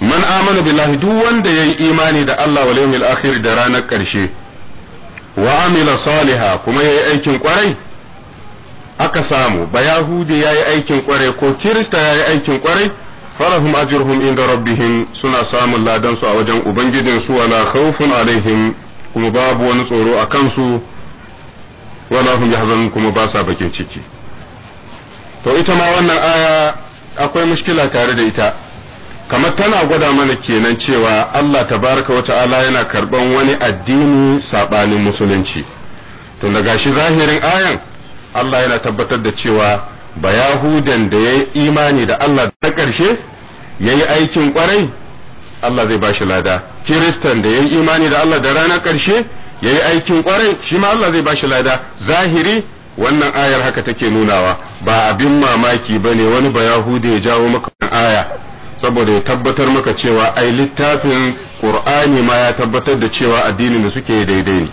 man amana billahi duk wanda yayi imani da Allah wal yawmil akhir da ranar karshe wa amila saliha kuma yayi aikin kwarai aka samu ba yahudi yayi aikin kwarai ko kirista yayi aikin kwarai falahum ajruhum inda rabbihim suna samun ladan su a wajen ubangijin su wala khawfun alaihim kuma babu wani tsoro a kansu wala hum yahzanun kuma ba sa bakin ciki to ita ma wannan aya akwai mushkila tare da ita kamar tana gwada mana kenan cewa Allah tabaraka wa ta'ala yana karban wani addini sabanin musulunci to daga shi zahirin ayan Allah yana tabbatar da cewa ba yahudan da yayi imani da Allah ta ƙarshe yayi aikin kwarai Allah zai bashi lada kiristan da yayi imani da Allah da rana ƙarshe yayi aikin kwarai shi ma Allah zai ba shi lada zahiri wannan ayar haka take nunawa ba abin mamaki ba ne wani bayahude ya jawo maka aya saboda ya tabbatar maka cewa ai littafin qur'ani ma ya tabbatar da cewa addinin da suke daidai ne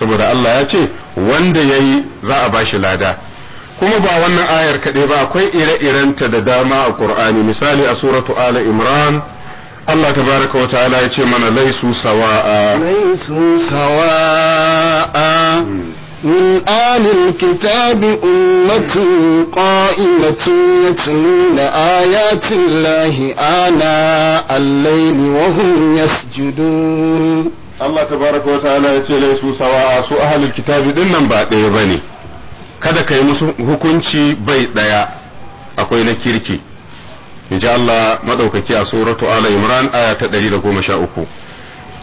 saboda Allah ya ce wanda yayi za a ba shi lada kuma ba wannan ayar kaɗai ba akwai ire-irenta da dama a Qur'ani misali a suratu Ala Imran Allah tabaraka wa ta'ala ya ce mana laisu sawa'a laisu sawa'a من آل الكتاب أمة قائمة يتلون آيات الله آناء الليل وهم يسجدون Allah ta baraka wa ta'ala ya ce laisu sawa'a su ahlul kitabi din nan ba ɗaya ne kada ka yi musu hukunci bai ɗaya akwai na kirki in ji Allah madaukaki a suratu ala imran aya ta 113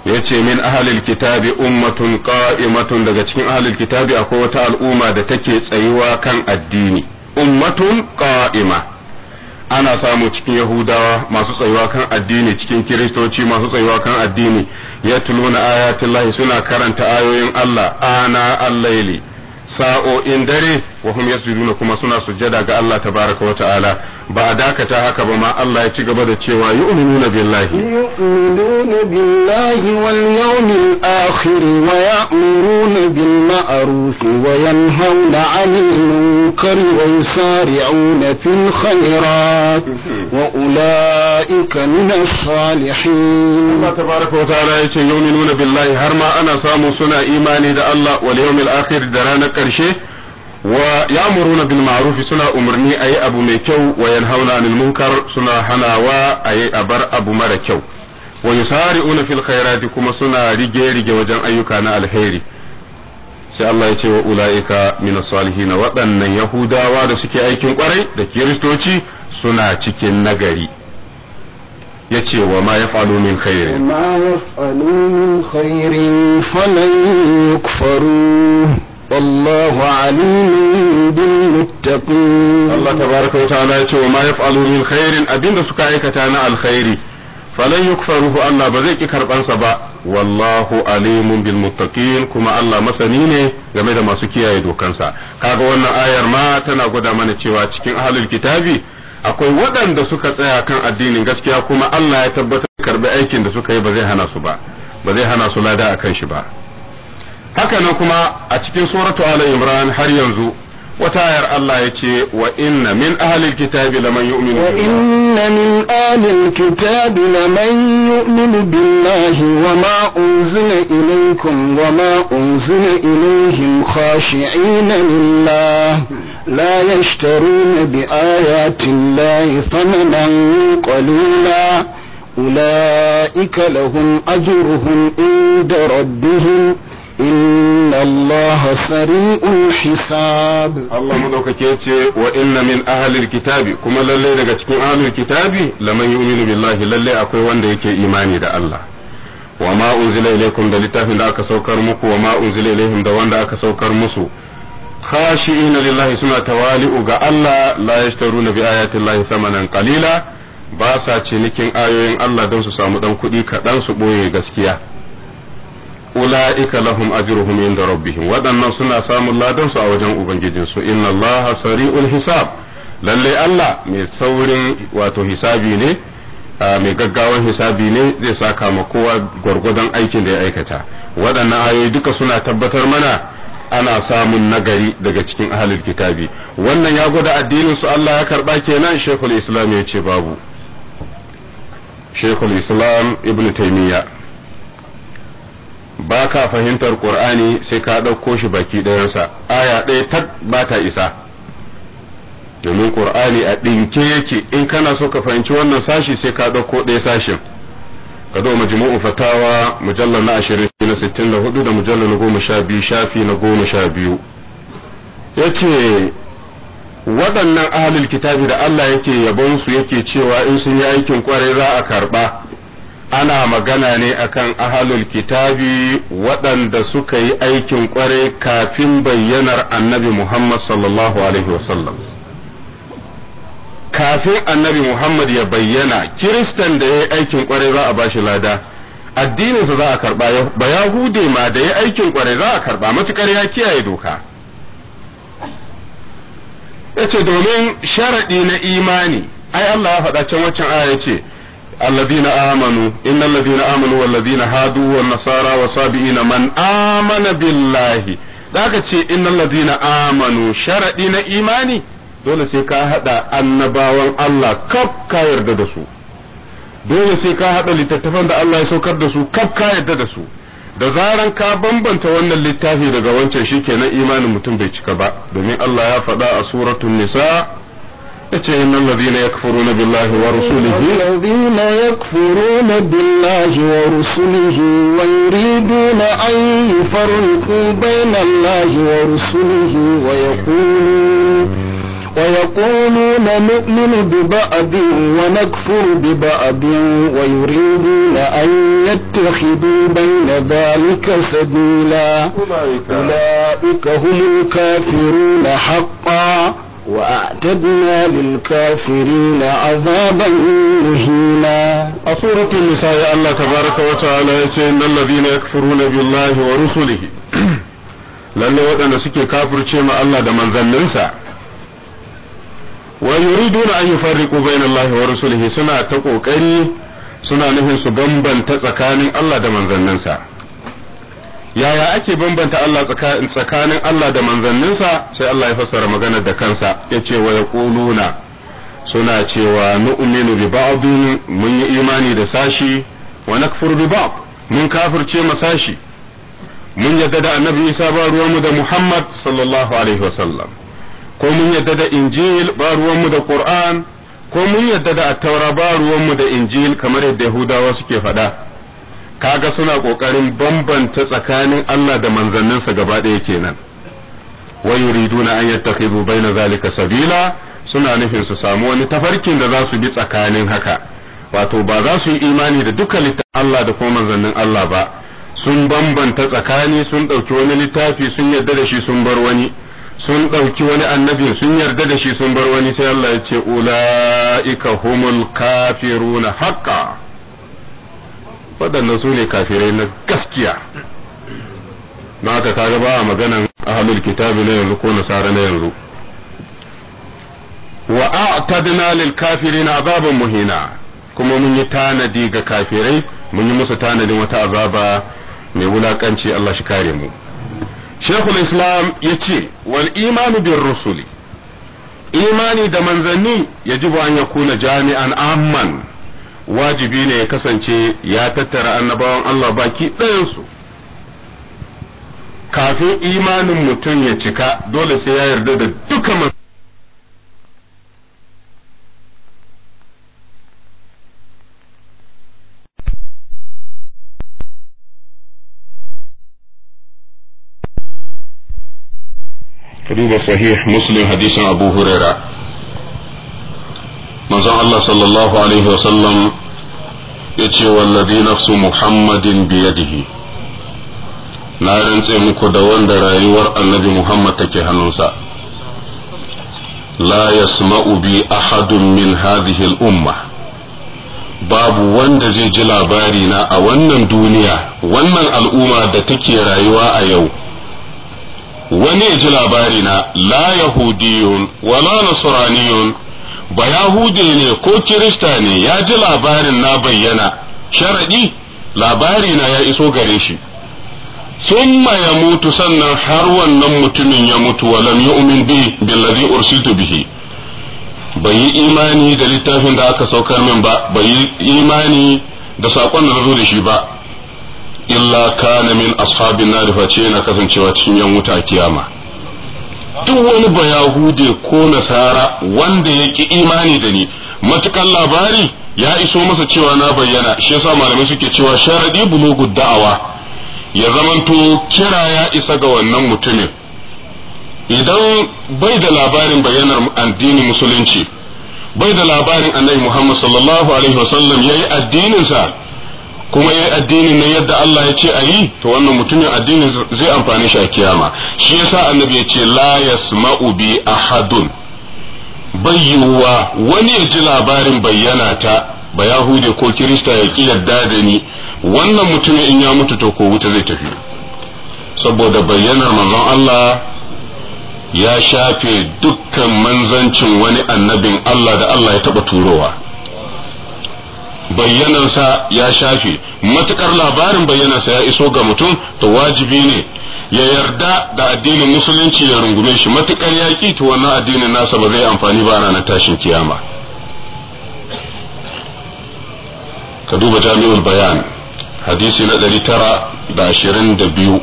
yace min ahlil kitabi ummatun qa'imatun daga cikin ahlil kitabi akwai wata al'umma da take tsayuwa kan addini ummatun qa'ima ana samu cikin yahudawa masu tsayuwa kan addini cikin kiristoci masu tsayuwa kan addini yatluna ayatullahi suna karanta ayoyin Allah ana al-laili sa'o'in dare wa hum yasjuduna kuma suna sujada ga Allah tabaraka wa ta'ala ba a dakata haka ba ma Allah ya ci gaba da cewa yu'minuna billahi yu'minuna billahi wal yawmil akhir wa ya'muruna bil ma'ruf wa yanhauna 'anil munkar wa yusari'una fil khairat wa ulaika minas salihin Allah tabaraka wa ta'ala ya ce yu'minuna billahi har ma ana samu suna imani da Allah wal yawmil da ranar karshe wa ya'muruna bil ma'ruf suna umarni ayi abu mai kyau wa yanhauna 'anil munkar suna hanawa ayi abar abu mara kyau wa yusari'una fil khairati kuma suna rige rige wajen ayyuka na alheri sai Allah ya ce wa ula'ika min salihin waɗannan Yahudawa da suke aikin kwarai da Kiristoci suna cikin nagari ya ce wa ma yaf'alu min khairin ma yaf'alu min khairin falan yukfaru والله عليم بالمتقين الله تبارك وتعالى يقول وما يفعلوا من خير أبين سكايك تانا الخير فلن يكفره الله بذيك كربان سبا والله عليم بالمتقين كما الله مسنيني game da masu kiyaye dokansa ga wannan ayar ma tana gwada mana cewa cikin ahalin kitabi akwai waɗanda suka tsaya kan addinin gaskiya kuma Allah ya tabbatar karbi aikin da suka yi ba zai hana su ba ba zai hana su lada akan shi ba haka nan kuma a cikin suratu ala imran har yanzu wata ayar Allah ya ce wa inna min ahlil kitabi laman yu'minu wa inna min ahlil kitabi laman yu'minu billahi wa ma unzila ilaykum wa ma unzila ilayhim khashi'ina lillah لا يشترون بآيات الله ثمنا قليلا أولئك لهم أجرهم عند ربهم إن الله سريع الحساب الله مدوكك وإن من أهل الكتاب كما للي لغتكم أهل الكتاب لمن يؤمن بالله للي أكوي وانديك إيماني دا الله وما أنزل إليكم دا لتافن دا أكسوكر مكو وما أنزل إليهم دا وان دا أكسوكر مسو خاشئين لله سنة توالئ غا الله لا يشترون بآيات الله ثمنا قليلا ba sa cinikin ayoyin Allah don su samu ɗan kuɗi kaɗan su ɓoye gaskiya. ula'ika lahum ajruhum inda rabbihim waɗannan suna samun ladansu a wajen ubangijinsu inna Allah sari'ul hisab lalle Allah mai saurin wato hisabi ne mai gaggawan hisabi ne zai saka ma kowa gwargwadon aikin da ya aikata waɗannan ayoyi duka suna tabbatar mana ana samun nagari daga cikin ahalin kitabi wannan ya gwada addinin su Allah ya karba kenan shekul islam ya ce babu shekul islam ibn taymiyyah ba ka fahimtar ƙur'ani sai ka ɗauko shi baki ɗayansa aya ɗaya tak ba ta isa domin ƙur'ani a ɗinke yake in kana so ka fahimci wannan sashi sai ka ɗauko ɗaya sashin ka zo majmu'u fatawa mujallar na ashirin na sittin da hudu da mujallar na goma sha biyu shafi na goma sha biyu ya ce waɗannan ahalin kitabi da Allah yake yabonsu yake cewa in sun yi aikin kwarai za a karɓa ana magana ne akan ahalul kitabi waɗanda suka yi aikin ƙware kafin bayyanar annabi Muhammad sallallahu Alaihi wasallam. Kafin annabi Muhammad ya bayyana, Kiristan da ya yi aikin ƙware za a bashi lada, addininsa za a karɓa, ba Yahude ma da ya aikin ƙware za a karɓa, matuƙar ya kiyaye doka. Yace domin sharaɗi na imani, ai Allah ya faɗa can waccan aya ce, الذين آمنوا إن الذين آمنوا والذين هادوا والنصارى والصابئين من آمن بالله zaka ce innal ladina amanu sharaɗi na imani dole sai ka hada annabawan Allah kaf ka yarda da su dole sai ka hada littattafan da Allah ya saukar da su kaf ka yarda da su da zarar ka bambanta wannan littafi daga wancan na imanin mutum bai cika ba domin Allah ya faɗa a suratun nisa إن الذين يكفرون بالله ورسله الذين يكفرون بالله ورسله ويريدون أن يفرقوا بين الله ورسله ويقولون ويقولون نؤمن ببعض ونكفر ببعض ويريدون أن يتخذوا بين ذلك سبيلا أولئك هم الكافرون حقا وأعتدنا للكافرين عذابا مهينا أسورة النساء الله تبارك وتعالى إن الذين يكفرون بالله ورسله lalle waɗanda suke kafirce ma Allah da manzanninsa wa yuriduna an yufarriqu bayna Allah wa rusulihi suna ta ƙoƙari suna nufin su bambanta tsakanin Allah da manzanninsa yaya ake bambanta Allah tsakanin Allah da manzanninsa sai Allah ya fassara magana da kansa ya ce wa yaquluna suna cewa nu'minu bi ba'dun mun yi imani da sashi wa nakfuru bi ba'd mun kafirce ma sashi mun yadda da annabi Isa ba ruwanmu da Muhammad sallallahu alaihi wasallam ko mun yadda da Injil ba ruwanmu da Qur'an ko mun yadda da Attaura ba ruwanmu da Injil kamar yadda Yahudawa suke faɗa kaga suna ƙoƙarin bambanta tsakanin Allah da manzanninsa gaba ɗaya kenan wa yuriduna an yattakhidhu na zalika sabila suna nufin su samu wani tafarkin da za su bi tsakanin haka wato ba za su yi imani da duka littafin Allah da kuma manzannin Allah ba sun bambanta tsakani sun ɗauki wani littafi sun yarda da shi sun bar wani sun ɗauki wani annabi sun yarda da shi sun bar wani sai Allah ya ce ula'ika humul kafiruna haqqan waɗannan su ne kafirai na gaskiya na haka kaga ba a maganan ahalul kitabi na yanzu ko nasara na yanzu wa a'tadna lil kafirina azaban muhina kuma mun yi tanadi ga kafirai mun yi musu tanadin wata azaba mai wulakanci Allah shi kare mu shekul Islam ya ce wal imanu bin rusuli imani da manzanni yajibu an kuna jami'an amman wajibi ne ya kasance ya tattara annabawan Allah baki ɗayansu kafin imanin mutum ya cika dole sai ya yarda da duka duba sahih muslim hadisin abu huraira manzon Allah sallallahu alaihi wasallam ya ce wallazi nafsu muhammadin biyadihi na rantse muku da wanda rayuwar annabi muhammad take hannunsa la yasma'ubi bi ahadun min hadhihi al-umma babu wanda zai ji labari na a wannan duniya wannan al'umma da take rayuwa a yau wani ya ji labari na la yahudiyun wala nasraniyun ba yahude ne ko kirista ne ya ji labarin na bayyana Sharadi labari na ya iso gare shi summa ya mutu sannan har wannan mutumin ya mutu walam yu'min bi billazi ursiltu bihi bai yi imani da littafin da aka saukar min ba bai yi imani da saƙon da zo da shi ba illa kana min ashabin da face yana kasancewa cikin yan wuta kiyama duk wani bayahude ko nasara wanda ya ki imani da ni matukan labari ya iso masa cewa na bayyana shi yasa malamai suke cewa sharadi bulugu da'awa ya zamanto kira ya isa ga wannan mutumin idan bai da labarin bayyanar addinin musulunci bai da labarin annabi Muhammad sallallahu alaihi wasallam yayi addininsa kuma yayi addini ne yadda Allah ya ce a yi to wannan mutumin addini zai amfani shi a kiyama shi yasa annabi ya ce la yasma'u bi ahadun bayyuwa wani ya ji labarin bayyana ta ba yahude ko kirista ya ki yadda da ni wannan mutumin in ya mutu to ko wuta zai tafi saboda bayyanar manzon Allah ya shafe dukkan manzancin wani annabin Allah da Allah ya taba turowa bayyanansa ya shafe matukar labarin bayyanansa ya iso ga mutum to wajibi ne ya yarda da addinin musulunci ya rungume shi matukar yaƙi to wannan addinin nasa ba zai amfani ba ranar tashin kiyama ka duba jami'ul bayan hadisi na 922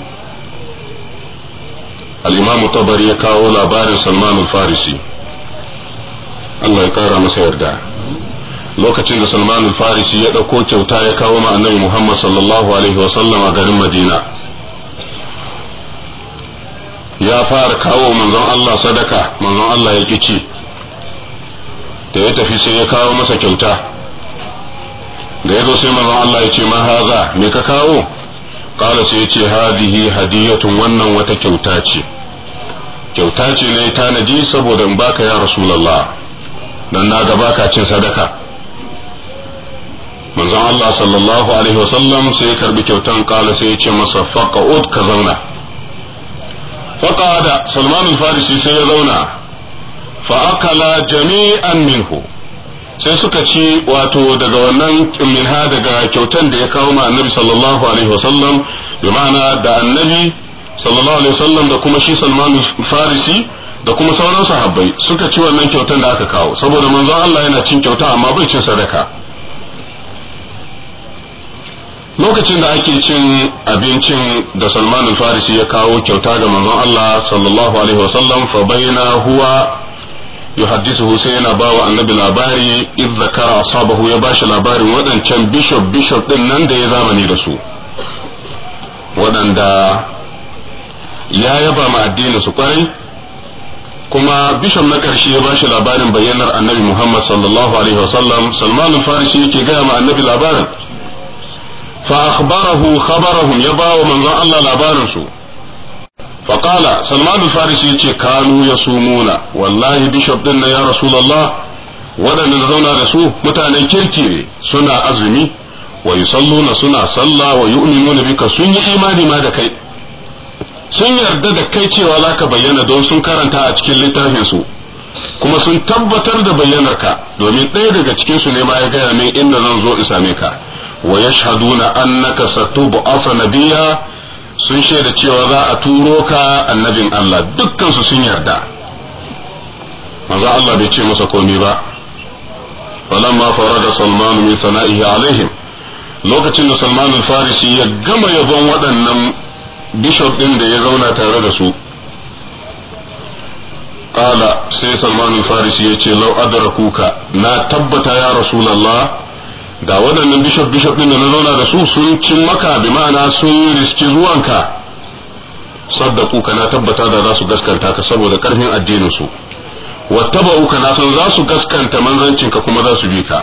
al-imam tabari ya kawo labarin salman al-farisi Allah ya kara masa yarda lokacin da Salman al-Farisi ya dauko kyauta ya kawo ma Annabi Muhammad sallallahu alaihi wa sallam a garin Madina ya fara kawo manzon Allah sadaka manzon Allah ya kici da ya tafi sai ya kawo masa kyauta da ya zo sai manzon Allah ya ce ma haza me ka kawo kala sai ya ce hadihi hadiyatun wannan wata kyauta ce kyauta ce ne tanaji saboda in baka ya rasulullah dan na ga baka cin sadaka manzon Allah sallallahu alaihi wasallam sai ya karbi kyautan kala sai ya ce masa faqa'ud ka zauna faqa'ada Salman al-Farisi sai ya zauna fa akala jami'an minhu sai suka ci wato daga wannan minha daga kyautan da ya kawo ma annabi sallallahu alaihi wasallam bi ma'ana da annabi sallallahu alaihi wasallam da kuma shi Salman al-Farisi da kuma sauran sahabbai suka ci wannan kyautan da aka kawo saboda manzon Allah yana cin kyauta amma bai cin sadaka lokacin da ake cin abincin da salman farisi ya kawo kyauta ga manzon Allah sallallahu alaihi wasallam fa baina huwa yuhaddisuhu sai yana bawa annabi labari id zakara asabahu ya bashi labarin wadancan bishop bishop din nan da ya zamani da su wadanda ya yaba ma addinin su kwarai kuma bishop na karshe ya bashi labarin bayyanar annabi Muhammad sallallahu alaihi wasallam salman farisi yake ga ma annabi labarin fa akhbarahu khabarahum ya bawa manzon Allah labarin su fa qala Salman al-Farisi yace kanu yasumuna wallahi bishop din na ya rasulullah waɗanda zauna da su mutanen kirki ne suna azumi wa yusalluna suna sallah wa yu'minuna bika sun yi imani ma da kai sun yarda da kai cewa zaka bayyana don sun karanta a cikin littafin su kuma sun tabbatar da bayyanarka domin ɗaya daga cikinsu ne ma ya gaya min inda zan zo in same ka wa yashhaduna annaka satub'atha nabiyya sun shaida cewa za a turo ka annabin Allah dukkansu sun yarda manzo Allah bai ce masa komai ba falamma farada salman min sana'ihi alaihim lokacin da salman farisi ya gama yabon waɗannan bishop din da ya zauna tare da su qala sai salman farisi ya ce law kuka na tabbata ya rasulullah ga waɗannan bishop bishop din da na zauna da su sun ci maka bi ma'ana sun riski zuwanka saddaku ka na tabbata da za su gaskanta ka saboda karfin addinin su wattaba'u ka na san za su gaskanta manzancin ka kuma za su bi ka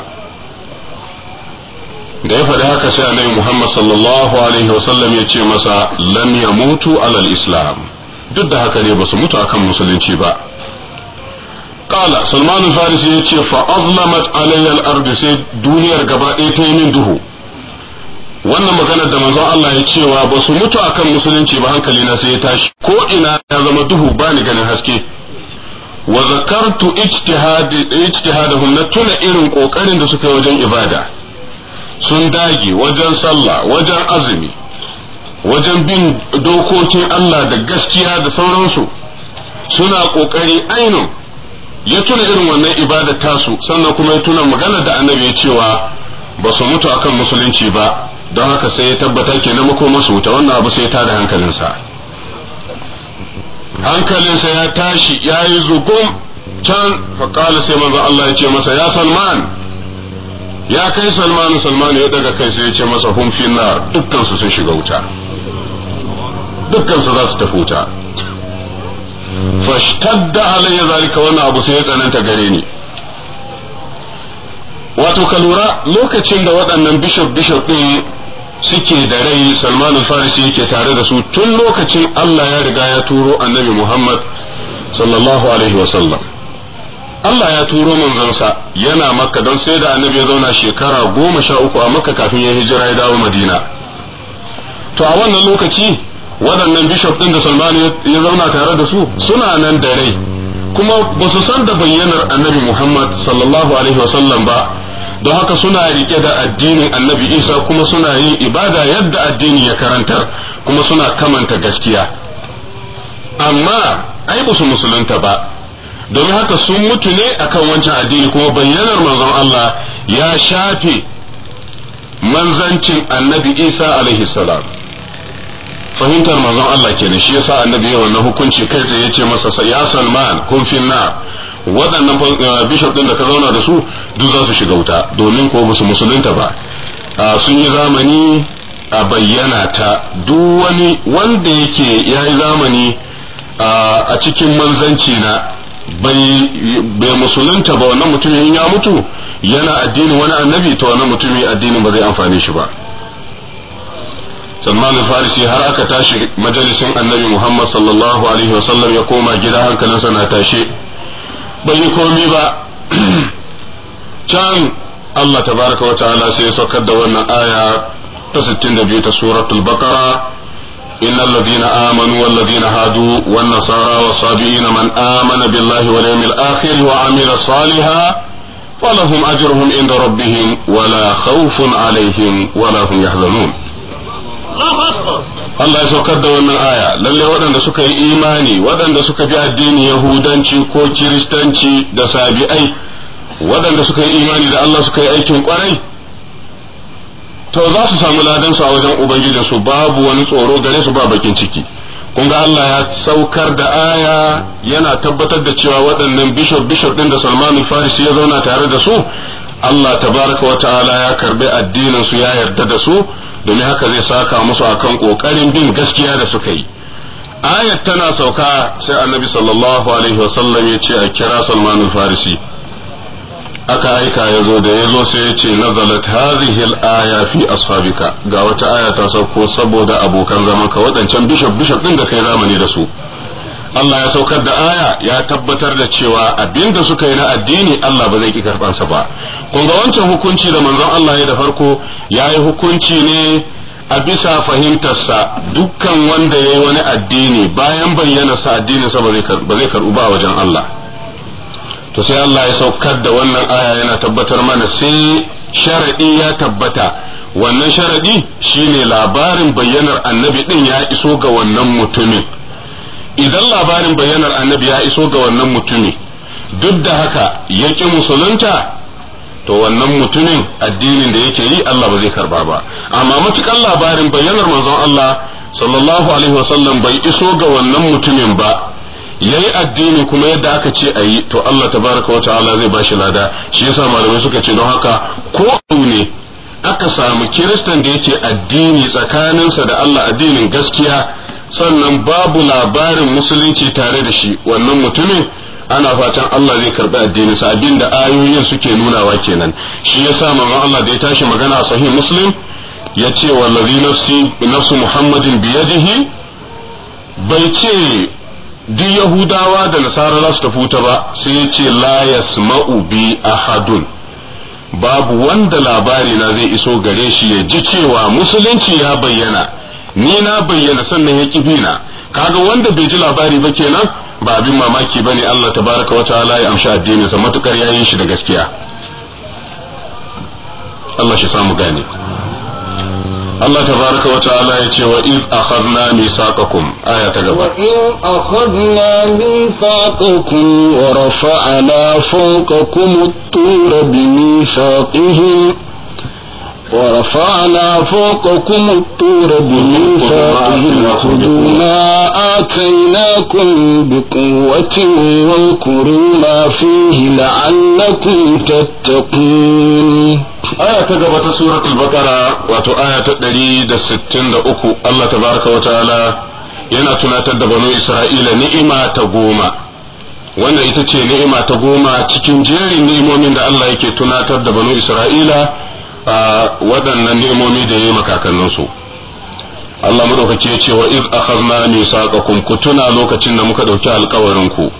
da ya faɗi haka sai annabi Muhammad sallallahu alaihi wa sallam ya ce masa lam yamutu alal islam duk da haka ne ba su mutu akan musulunci ba qala salman al-farisi yace fa azlamat alayya al sai duniyar gaba ɗaya ta yi min duhu wannan maganar da manzon Allah ya cewa ba su mutu akan musulunci ba hankali na sai ya tashi ko ina ya zama duhu bani ganin haske wa zakartu ijtihadi ijtihadahum na tuna irin kokarin da suka yi wajen ibada sun dage wajen sallah wajen azumi wajen bin dokokin Allah da gaskiya da sauransu suna kokari ainun ya tuna irin wannan ibada tasu sannan kuma ya tuna magana da annabi ya cewa ba su mutu akan musulunci ba don haka sai ya tabbata ke na mako masu wuta wannan abu sai ya tada hankalinsa hankalinsa ya tashi ya yi zugun can faƙala sai manzo Allah ya ce masa ya salman ya kai salmanu salmanu ya daga kai sai ya ce masa hum finnar dukkansu sun shiga wuta dukkansu za su tafi wuta fashtadda alayya zalika wannan abu sai ya tsananta gare ni wato ka lura lokacin da waɗannan bishop bishop ɗin suke da rai salman farisi yake tare da su tun lokacin Allah ya riga ya turo annabi Muhammad sallallahu alaihi wa sallam Allah ya turo manzansa yana makka don sai da annabi ya zauna shekara goma sha uku a makka kafin ya hijira ya dawo madina to a wannan lokaci waɗannan bishop ɗin da salmani ya zauna tare da su suna nan da rai kuma ba su san da bayyanar annabi muhammad sallallahu alaihi wasallam ba don haka suna riƙe da addinin annabi isa kuma suna yin ibada yadda addini ya karantar kuma suna kamanta gaskiya amma ai ba su musulunta ba domin haka sun mutu ne akan wancan addini kuma bayyanar manzon Allah ya shafe manzancin annabi isa alaihi salam fahimtar manzon Allah kenan shi ya yasa annabi ya wannan hukunci kai ya ce masa ya Salman kun na waɗannan eh, bishop ɗin da ka zauna da su duk za su shiga wuta domin ko ba su musulunta ba sun yi zamani a bayyana ta duk wani wanda yake ya yi zamani a cikin manzanci na bai musulunta ba wannan mutumin ya mutu yana addinin wani annabi to wannan mutumin addinin ba zai amfane shi ba salmanin farisi har aka tashi majalisin annabi muhammad sallallahu alaihi wasallam ya koma gida hankalinsa na tashe bai yi komi ba can allah tabaraka wa ta'ala sai ya da wannan aya ta 62 ta suratul baqara إن الذين آمنوا والذين هادوا والنصارى والصابئين من آمن بالله واليوم الآخر وعمل صالحا فلهم أجرهم عند ربهم ولا خوف عليهم ولا هم يحزنون Allah ya saukar da wannan aya lalle waɗanda suka yi imani waɗanda suka bi addini yahudanci ko kiristanci da sabi'ai waɗanda suka yi imani da Allah suka yi aikin kwarai to za su samu ladan su a wajen ubangijin su babu wani tsoro gare su ba bakin ciki kun ga Allah ya saukar da aya yana tabbatar da cewa waɗannan bishop bishop din da Salman Farisi ya zauna tare da su Allah tabaraka wa ta'ala ya karbi addinin su ya yarda da su domin haka zai saka musu akan kokarin bin gaskiya da suka yi ayat tana sauka sai annabi sallallahu alaihi wasallam ya ce a kira salman farisi aka aika ya zo da ya zo sai ya ce nazalat hadhihi al-aya fi ashabika ga wata aya ta sauko saboda abokan zaman ka wadancan bishop bishop din da kai zamani da su Allah ya saukar da aya ya tabbatar da cewa abinda suka yi na addini Allah ba zai ki karbansa ba kun ga wancan hukunci da manzon Allah ya da farko ya yi hukunci ne a bisa fahimtarsa dukkan wanda ya yi wani addini bayan bayyanarsa addininsa ba zai karɓu ba wajen Allah to sai Allah ya saukar da wannan aya yana tabbatar mana sai sharaɗi ya tabbata wannan sharaɗi shine labarin bayyanar annabi din ya iso ga wannan mutumin idan labarin bayyanar annabi ya iso ga wannan mutumi duk da haka ya ki musulunta to wannan mutumin addinin da yake yi Allah ba zai karba ba amma matukan labarin bayyanar manzon Allah sallallahu alaihi wasallam bai iso ga wannan mutumin ba yayi addini kuma yadda aka ce a yi to Allah tabaraka wa ta'ala zai bashi lada shi yasa malamai suka ce don haka ko ne aka samu kiristan da yake addini tsakaninsa da Allah addinin gaskiya sannan babu labarin musulunci tare da shi wannan mutumin ana fatan Allah zai karɓi addinin sa da ayoyin suke nunawa kenan shi yasa manzon Allah da ya tashi magana a sahih muslim ce wallazi nafsi nafsu muhammadin biyadihi bai ce duk yahudawa da nasara za su tafi ba sai ya ce la yasma'u bi ahadun babu wanda labari na zai iso gare shi ya ji cewa musulunci ya bayyana ni na bayyana sannan ya kifi na kaga wanda bai ji labari ba kenan ba abin mamaki ba ne Allah tabaraka wa ta'ala ya amsha addini sa matukar ya yi shi da gaskiya Allah shi samu gane Allah tabaraka wa ta'ala ya ce wa iz akhadna misaqakum aya ta gaba wa in akhadna misaqakum wa rafa'na fawqakum at-tura bi misaqihim ورفعنا فوقكم الطور بميثاقهم خذوا ما آتيناكم بقوة واذكروا ما فيه لعلكم تتقون آية تجربة سورة البقرة وآية تدريد الستين لأكو الله تبارك وتعالى yana tunatar da banu Isra'ila ni'ima ta goma wanda ita ce ni'ima ta goma cikin jerin ni'imomin da Allah yake tunatar da banu Isra'ila waɗannan ni'imomi da ya yi makakannin su Allah madaukaki ya ce wa iz akhadna misaqakum ku tuna lokacin da muka dauki alkawarin ku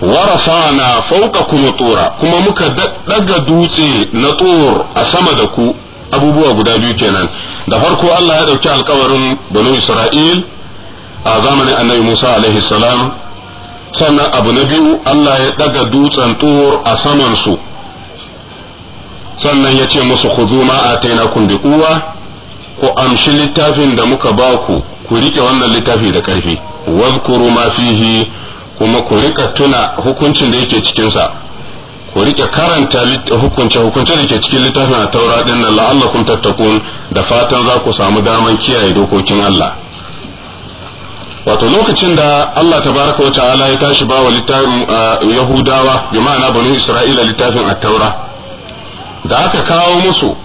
wa rafa'na fawqakum tura kuma muka daga dutse na tur a sama da ku abubuwa guda biyu kenan da farko Allah ya dauki alkawarin banu Isra'il a zamanin Annabi Musa alaihi salam sannan abu na biyu Allah ya daga dutsen tur a saman su sannan ya ce musu ku zo ma a taina kun ku amshi littafin da muka ba ku ku rike wannan littafi da ƙarfi wazkuru ma fihi kuma ku rika tuna hukuncin da yake cikinsa ku rike karanta hukunce hukuncin da ke cikin littafin a taura din nan la'allakum tattakun da fatan za ku samu daman kiyaye dokokin Allah wato lokacin da Allah tabaraka wa ta'ala ya tashi ba wa littafin Yahudawa bi ma'ana banu Isra'ila littafin at-taura da aka kawo musu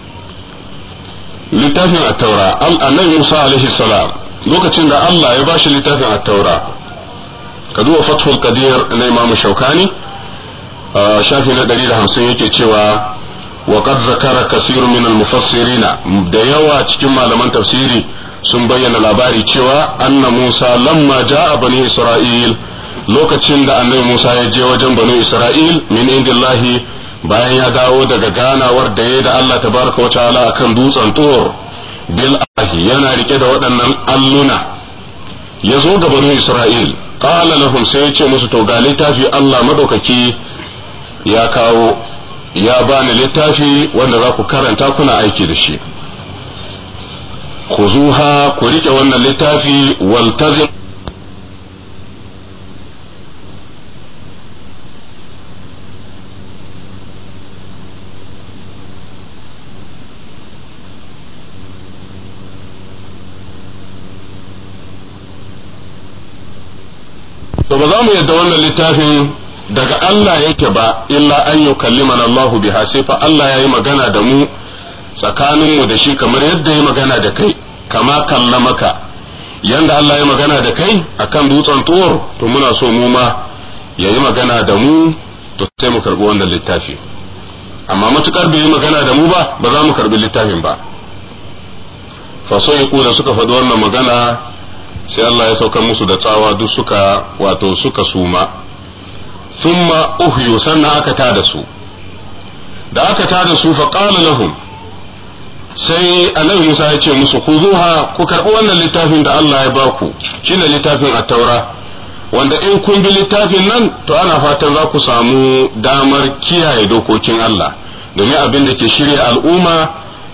littafin attaura annabi Musa alaihi salam lokacin da Allah ya bashi littafin attaura ka duba fathul qadir na Imam Shaukani shafi na 150 yake cewa wa qad zakara kasirun min al-mufassirina da yawa cikin malaman tafsiri sun bayyana labari cewa anna Musa lamma ja'a bani Isra'il lokacin da annabi Musa ya je wajen bani Isra'il min indillahi bayan ya dawo daga ganawar da ya da Allah tabaraka wa ta'ala akan dutsen tur bil yana rike da waɗannan alluna ya zo ga banu Isra'il qala lahum sai ya ce musu to ga littafi Allah madaukaki ya kawo ya bani littafi wanda za ku karanta kuna aiki da shi ku zuha ku rike wannan littafi waltazim littafin daga Allah yake ba illa an kalliman Allah biha sai fa Allah ya yi magana da mu tsakanin da shi kamar yadda ya yi magana da kai kama kallamaka yanda Allah ya yi magana da kai akan dutsen tuwar to muna so mu ma ya yi magana da mu to sai mu karbi wannan littafi amma matukar bai yi magana da mu ba ba za mu karbi littafin ba fa sai da suka faɗi wannan magana sai Allah ya sauka musu da tsawa duk suka wato suka suma summa uhyu sannan aka tada su da aka ta da su fa qala lahum sai annabi Musa ya ce musu ku khuzuha ku karbi wannan littafin da Allah ya baku shine littafin at-taura wanda in kun bi littafin nan to ana fatan za ku samu damar kiyaye dokokin Allah domin abin da ke shirya al'umma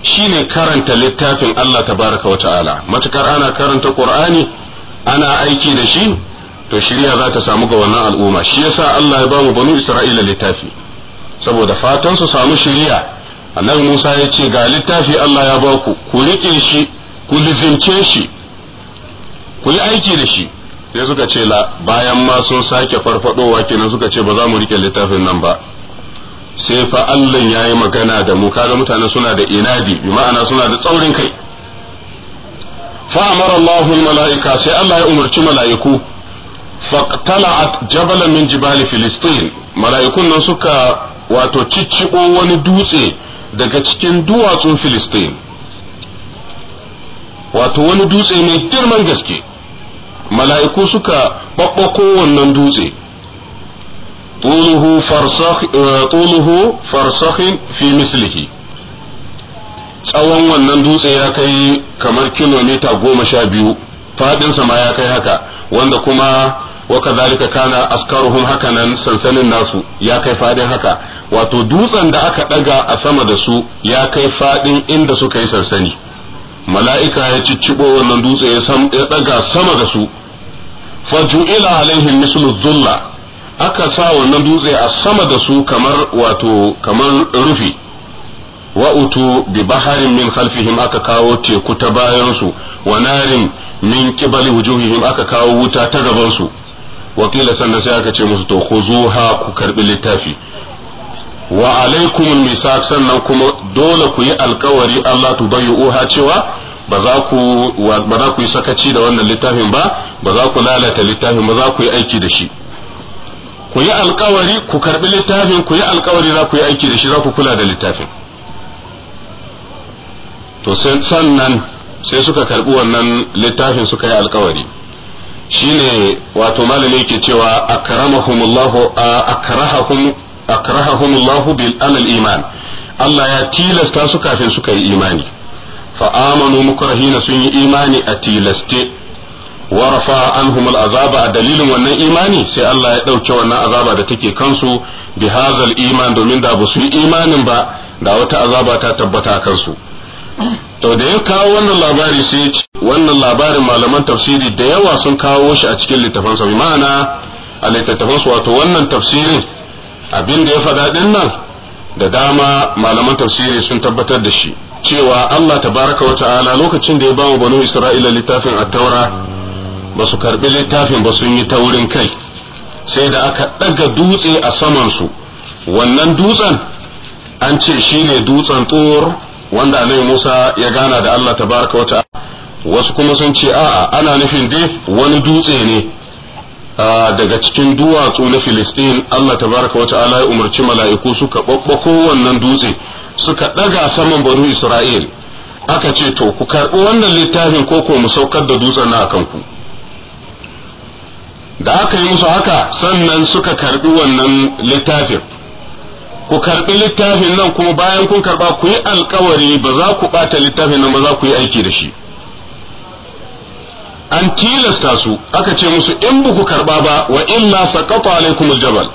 shine karanta littafin Allah ta tabaraka wata ala matukar ana karanta Qur'ani ana aiki da shi to shirya za ta samu ga wannan al'umma shi yasa Allah ya bamu banu Isra'ila littafi saboda fatan su samu shirya annabi Musa ya ce ga littafi Allah ya baku ku rike shi ku lizince shi ku yi aiki da shi sai suka ce la bayan ma sun sake farfadowa kenan suka ce ba za mu rike littafin nan ba sai fa Allah ya yi magana da mu kaga mutane suna da inadi bi ma'ana suna da tsaurin kai fa amara Allahu mala'ika sai Allah ya umarci mala'iku faqtala'at jabalan min jibali filistin mala'ikun nan suka wato cicciko wani dutse daga cikin duwatsun filistin wato wani dutse mai girman gaske mala'iku suka ɓaɓɓako wannan dutse طوله eh, Farsakhin fi mislihi tsawon wannan dutse ya kai kamar kilomita goma sha biyu faɗinsa ma ya kai haka wanda kuma wa kadhalika kana askaruhum hakanan sansanin nasu ya kai fadin haka wato dutsen da aka daga a sama da su ya kai fadin inda suka yi sansani mala'ika ya cicciɓo wannan dutse ya daga sama da su faju'ila alaihim mislu dhulla aka sa wannan dutse a sama da su kamar wato kamar rufi wa utu bi baharin min khalfihim aka kawo teku ta bayan su wa narin min kibali wujuhihim aka kawo wuta ta gaban su wakila sannan sai aka ce musu to ku zuha ku karbi littafi wa alaikum misak sannan kuma dole ku yi alkawari Allah tu ha cewa ba za ku ba za ku yi sakaci da wannan littafin ba ba za ku lalata littafin ba za ku yi aiki da shi ku yi alkawari ku karbi littafin ku yi alkawari za ku yi aiki da shi za ku kula da littafin to sannan sai suka karbi wannan littafin suka yi alkawari shine wato malami yake cewa akrahahum akrahahumullahu bil amal iman Allah ya tilasta su kafin suka yi imani fa amanu mukrahina sun yi imani a tilaste wa rafa anhum al azaba a dalilin wannan imani sai Allah ya dauke wannan azaba da take kansu bi hazal iman domin da ba su yi imanin ba da wata azaba ta tabbata kansu to da ya kawo wannan labari sai ce wannan labarin malaman tafsiri da yawa sun kawo shi a cikin littafansa ma'ana a littattafansu wato wannan tafsirin abin da ya faɗa ɗin nan da dama malaman tafsiri sun tabbatar da shi cewa Allah tabaraka wa ta'ala lokacin da ya ba banu Isra'ila littafin at-taura ba su karbi littafin ba sun yi taurin kai sai da aka ɗaga dutse a saman su wannan dutsen an ce shine dutsen tsor wanda annabi Musa ya gana da Allah tabaraka wa ta'ala wasu kuma sun ce a'a ana nufin dai wani dutse ne daga cikin duwatsu na Filistin Allah tabaraka wa ta'ala ya umarci mala'iku suka babbako wannan dutse suka ɗaga saman banu Isra'il aka ce to ku karɓi wannan littafin ko ko mu saukar da dutsen na kanku da aka yi musu haka sannan suka karɓi wannan littafin ku karɓi littafin nan kuma bayan kun karɓa ku yi alkawari ba za ku bata littafin nan ba za ku yi aiki da shi an tilasta su aka ce musu in ba ku karba ba wa illa saqata alaikum aljabal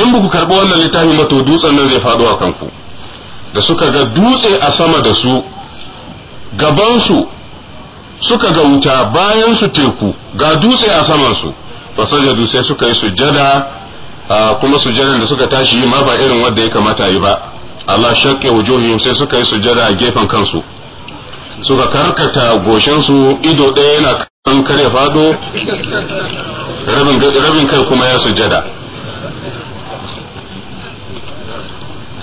in ba ku karba wannan littafin ba to dutsen nan zai faɗo a kanku da suka ga dutse a sama da su gaban su suka ga wuta bayan su teku ga dutse a saman su fasajadu sai suka yi sujada kuma sujjadan da suka tashi yi ma ba irin wanda ya kamata yi ba Allah shakke wujuhihim sai suka yi sujjada a gefen kansu suka karkata goshen su ido ɗaya yana kan kare fado rabin rabin kai kuma ya sujjada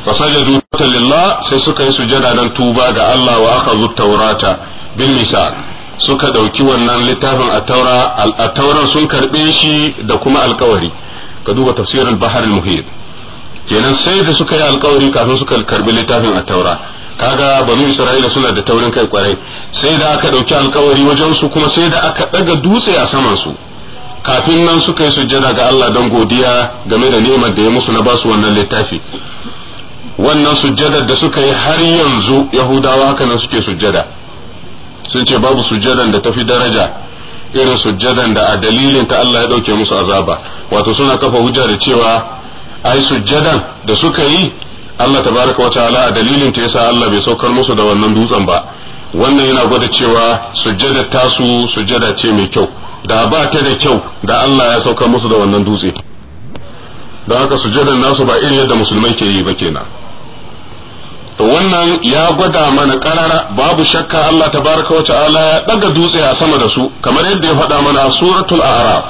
fasajadu lillah sai suka yi sujjada dan tuba ga Allah wa akhadhu tawrata bil misal suka ɗauki wannan littafin a taura sun karɓe shi da kuma alkawari ka duba tafsirin bahar al-muhit kenan sai da suka yi alkawari kafin suka karbi littafin a taura kaga banu isra'ila suna da taurin kai kwarai sai da aka dauki alkawari wajen su kuma sai da aka daga dutse a saman su kafin nan suka yi sujjada ga Allah don godiya game da ni'imar da ya musu na basu wannan littafi wannan sujjadar da suka yi har yanzu yahudawa haka nan suke sujjada sun ce babu sujjadan da tafi daraja irin sujjadan da a dalilin ta Allah ya dauke musu azaba wato suna kafa hujja da cewa ai sujjadan da suka yi Allah tabaraka wa ta'ala a dalilin ta yasa Allah bai saukar musu da wannan dutsen ba wannan yana gwada cewa sujjada tasu sujjada ce mai kyau da ba ta da kyau da Allah ya saukar musu da wannan dutse da haka sujjadan nasu ba irin yadda musulmai ke yi ba kenan to wannan ya gwada mana karara babu shakka Allah tabaraka wa ta'ala ya daga dutse a sama da su kamar yadda ya faɗa mana a suratul a'raf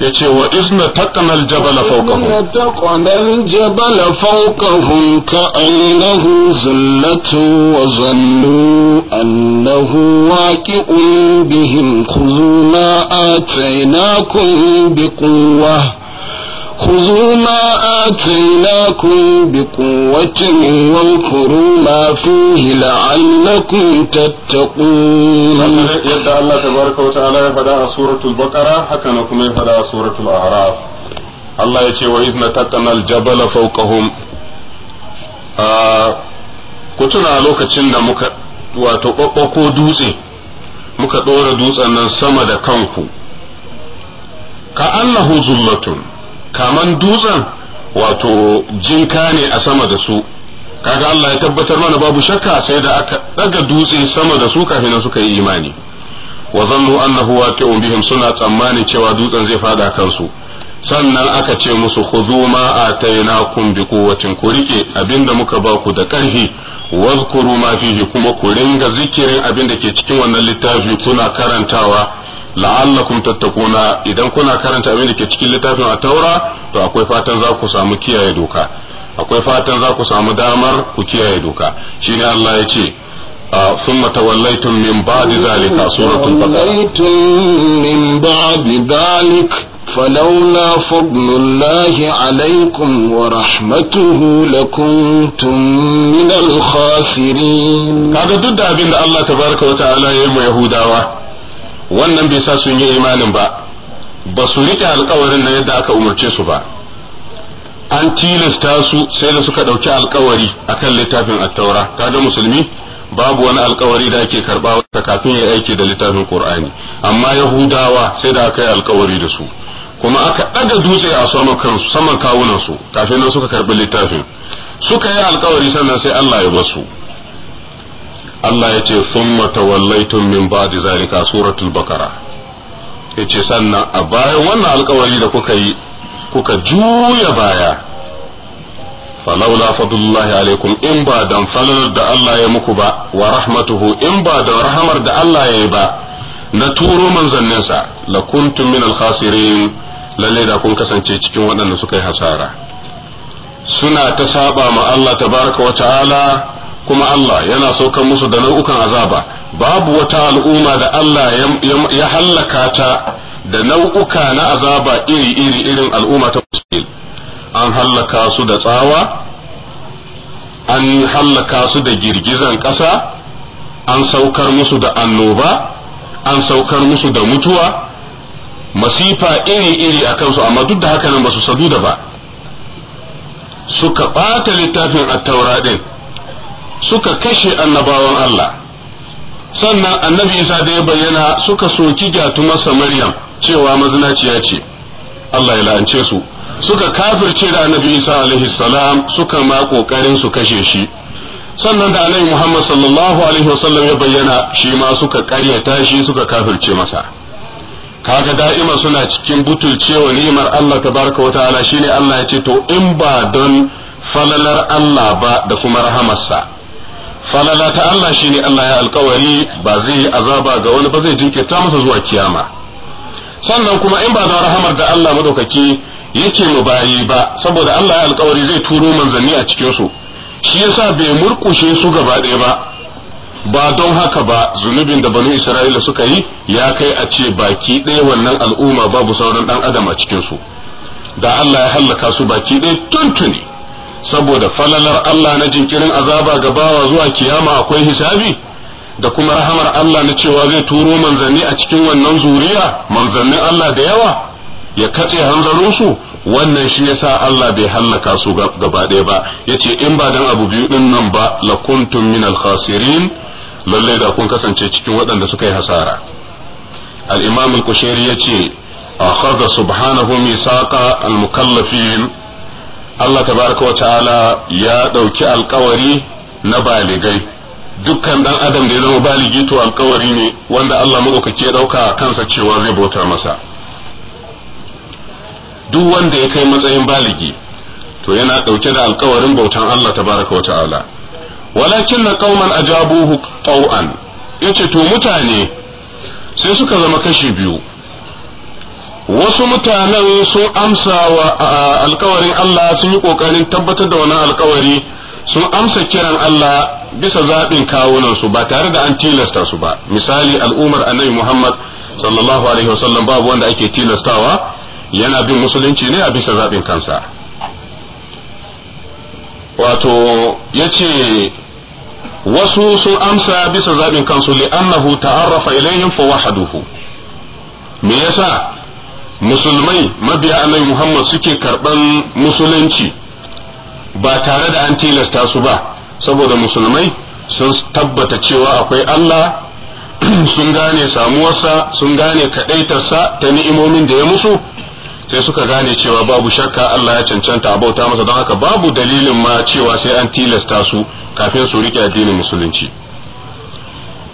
yace wa isna taqnal jabala fawqahum taqnal jabala fawqahum annahu zullatu wa zannu annahu waqi'un bihim khuzuma ataynakum biquwwah خذوا ما آتيناكم بقوة واذكروا ما فيه لعلكم تتقون يدعى الله تبارك وتعالى يفدى سورة البقرة حتى نكم يفدى سورة الأعراف الله يتي وإذ نتقنا الجبل فوقهم آه كتنا لوكتشن مكة وتقوقو دوسي muka ɗora dutsen nan sama da kanku ka annahu zullatun kaman dutsen wato jinka ne a sama da su kaga Allah ya tabbatar mana babu shakka sai da aka daga dutse sama da su kafin suka yi imani wa zannu annahu waqi'un bihim suna tsammanin cewa dutsen zai fada kansu sannan aka ce musu khudhu ma ataynakum bi quwwatin ku rike abinda muka ba ku da karfi wazkuru ma fihi kuma ku ringa zikirin abinda ke cikin wannan littafi kuna karantawa la'allakum tattakuna idan kuna karanta abin da ke cikin littafin a taura to akwai fatan za ku samu kiyaye doka akwai fatan za ku samu damar ku kiyaye doka shine Allah ya ce ثم توليتم من بعد ذلك سورة البقرة من بعد ذلك فلولا فضل الله عليكم ورحمته لكنتم من الخاسرين هذا ضد عبد الله تبارك وتعالى يا يهوداوه wannan bai sa sun yi imanin ba ba su rike alkawarin na yadda aka umarce su ba an tilasta su sai da suka ɗauki alkawari akan littafin attaura kaga musulmi babu wani alkawari da ake karba wata kafin ya aiki da littafin qur'ani amma yahudawa sai da aka yi alkawari da su kuma aka ɗaga dutse a saman kawunan su kafin nan suka karbi littafin suka yi alkawari sannan sai Allah ya bar su. Allah ya ce summa tun min ba'di zalika suratul bakara yace sannan a bayan wannan alkawari da kuka yi kuka juya baya falaula fadullahi alaikum in ba dan falar da Allah ya muku ba wa rahmatuhu in ba da rahamar da Allah ya yi ba na turo manzanninsa la kuntum min alkhasirin lalle da kun kasance cikin waɗanda suka yi hasara suna ta saba ma Allah tabaraka wa ta'ala kuma Allah yana saukan musu da nau'ukan azaba babu wata al'umma da Allah ya hallaka ta da nau'uka na azaba iri-iri irin al'umma ta musulmi an hallaka su da tsawa an hallaka su da girgizan ƙasa an saukar musu da annoba an saukar musu da mutuwa masifa iri-iri a kansu amma duk da haka nan ba su sadu da ba suka ɓata littafin a ɗin suka kashe annabawan Allah sannan annabi Isa da ya bayyana suka soki masa Maryam cewa mazinaciya ce Allah ya la'ance su suka kafirce da annabi Isa alaihi salam suka ma kokarin su kashe shi sannan da annabi Muhammad sallallahu alaihi wasallam ya bayyana shi ma suka karyata shi suka kafirce masa kaga da'ima suna cikin butulcewa ni'imar Allah tabaraka wa ta'ala shine Allah ya ce to in ba don falalar Allah ba da kuma rahamarsa falala ta Allah shine Allah ya alkawari ba zai yi azaba ga wani ba zai jinkirta masa zuwa kiyama sannan kuma in ba da rahamar da Allah madaukaki yake mu bayi ba saboda Allah ya alkawari zai turo manzanni a cikin su shi yasa bai murkushe su gaba ɗaya ba ba don haka ba zunubin da banu Isra'ila suka yi ya kai a ce baki ɗaya wannan al'umma babu sauran ɗan adam a cikin su da Allah ya hallaka su baki ɗaya tuntuni saboda falalar Allah na jinkirin azaba ga bawa zuwa kiyama akwai hisabi da kuma rahamar Allah na cewa zai turo manzanni a cikin wannan zuriya manzannin Allah da yawa ya katse hanzarinsu wannan shi yasa Allah bai hallaka su gaba ɗaya ba yace in ba dan abu biyu din nan ba lakuntum min al-khasirin lalle da kun kasance cikin waɗanda suka yi hasara al-imam al-kushairi yace akhadha subhanahu misaqa al-mukallafin Allah tabaraka wa ta'ala ya ɗauki alkawari na baligai dukkan dan adam da ya zama baligi to alkawari ne wanda Allah maɗaukaki ya ɗauka kansa cewa zai bauta masa duk wanda ya kai matsayin baligi to yana ɗauke da alkawarin bautan Allah tabaraka wa ta'ala walakin na kauman ajabuhu qaw'an yace to mutane sai suka zama kashi biyu wasu mutanen sun amsa wa alkawarin Allah sun yi kokarin tabbatar da wannan alkawari sun amsa kiran Allah bisa zaɓin kawunansu ba tare da an tilasta su ba misali al'ummar annabi Muhammad sallallahu alaihi wasallam babu wanda ake tilastawa yana bin musulunci ne a bisa zaɓin kansa wato ya ce wasu sun amsa bisa zaɓin kansu li'annahu ta'arrafa ilayhim fa wahaduhu me yasa musulmai mabiya annabi Muhammad suke karban musulunci ba tare da an tilasta su ba saboda musulmai sun tabbata cewa akwai Allah sun gane samuwarsa sun gane kaɗaitarsa ta ni'imomin da ya musu sai suka gane cewa babu shakka Allah ya cancanta a bauta masa don haka babu dalilin ma cewa sai an tilasta su kafin su rike addinin musulunci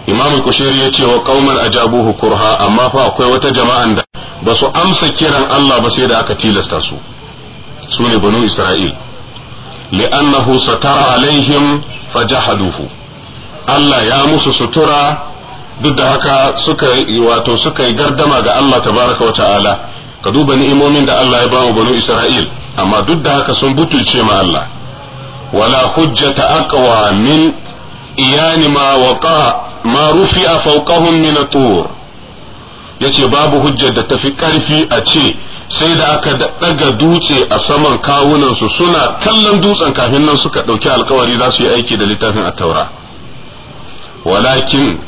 imamu kushiri ya ce wa qauman ajabuhu kurha amma fa akwai wata jama'an da ba su amsa kiran Allah ba sai da aka tilasta su su ne banu Isra'il li'annahu satara alaihim fajahaduhu Allah ya musu sutura duk da haka suka wato suka yi gardama ga Allah tabaraka wa ta'ala ka duba ni'imomin da Allah ya ba wa banu Isra'il amma duk da haka sun butulce ma Allah wala hujjata aqwa min iyani ma waqa ma rufi'a fawqahum min tur yace babu hujjar da tafi karfi a ce sai da aka daga dutse a saman kawunan su suna kallon dutsen kafin nan suka ɗauki alkawari za su yi aiki da littafin a taura walakin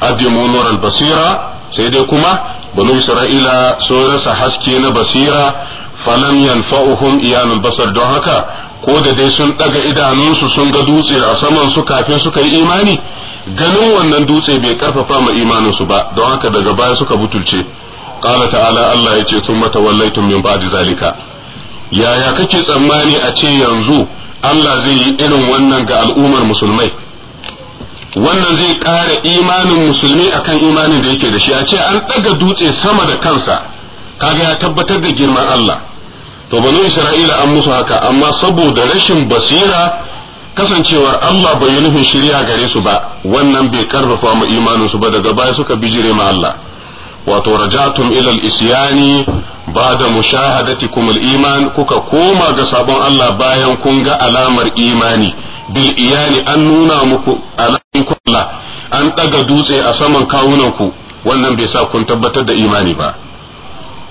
adimu nur basira sai dai kuma banu isra'ila sun rasa haske na basira falam yanfa'uhum iyanul basar don haka ko da dai sun daga idanunsu sun ga dutse a saman su kafin suka yi imani ganin wannan dutse bai karfafa ma imaninsu ba don haka daga baya suka butulce qala ta'ala Allah yace mata wallaitum min ba'di zalika yaya kake tsammani a ce yanzu Allah zai yi irin wannan ga al'ummar musulmai wannan zai ƙara imanin musulmi akan imanin da yake da shi a ce an ɗaga dutse sama da kansa kaga ya tabbatar da girman Allah to banu Isra'ila an musu haka amma saboda rashin basira kasancewar Allah bai nufin shirya gare su ba wannan bai karfafa mu imanin su ba daga baya suka bijire ma Allah wato rajatum ila al-isyani ba'da mushahadatikum al-iman kuka koma ga sabon Allah bayan kun ga alamar imani bil iyani an nuna muku alamin Allah an daga dutse a saman kawunan ku wannan bai sa kun tabbatar da imani ba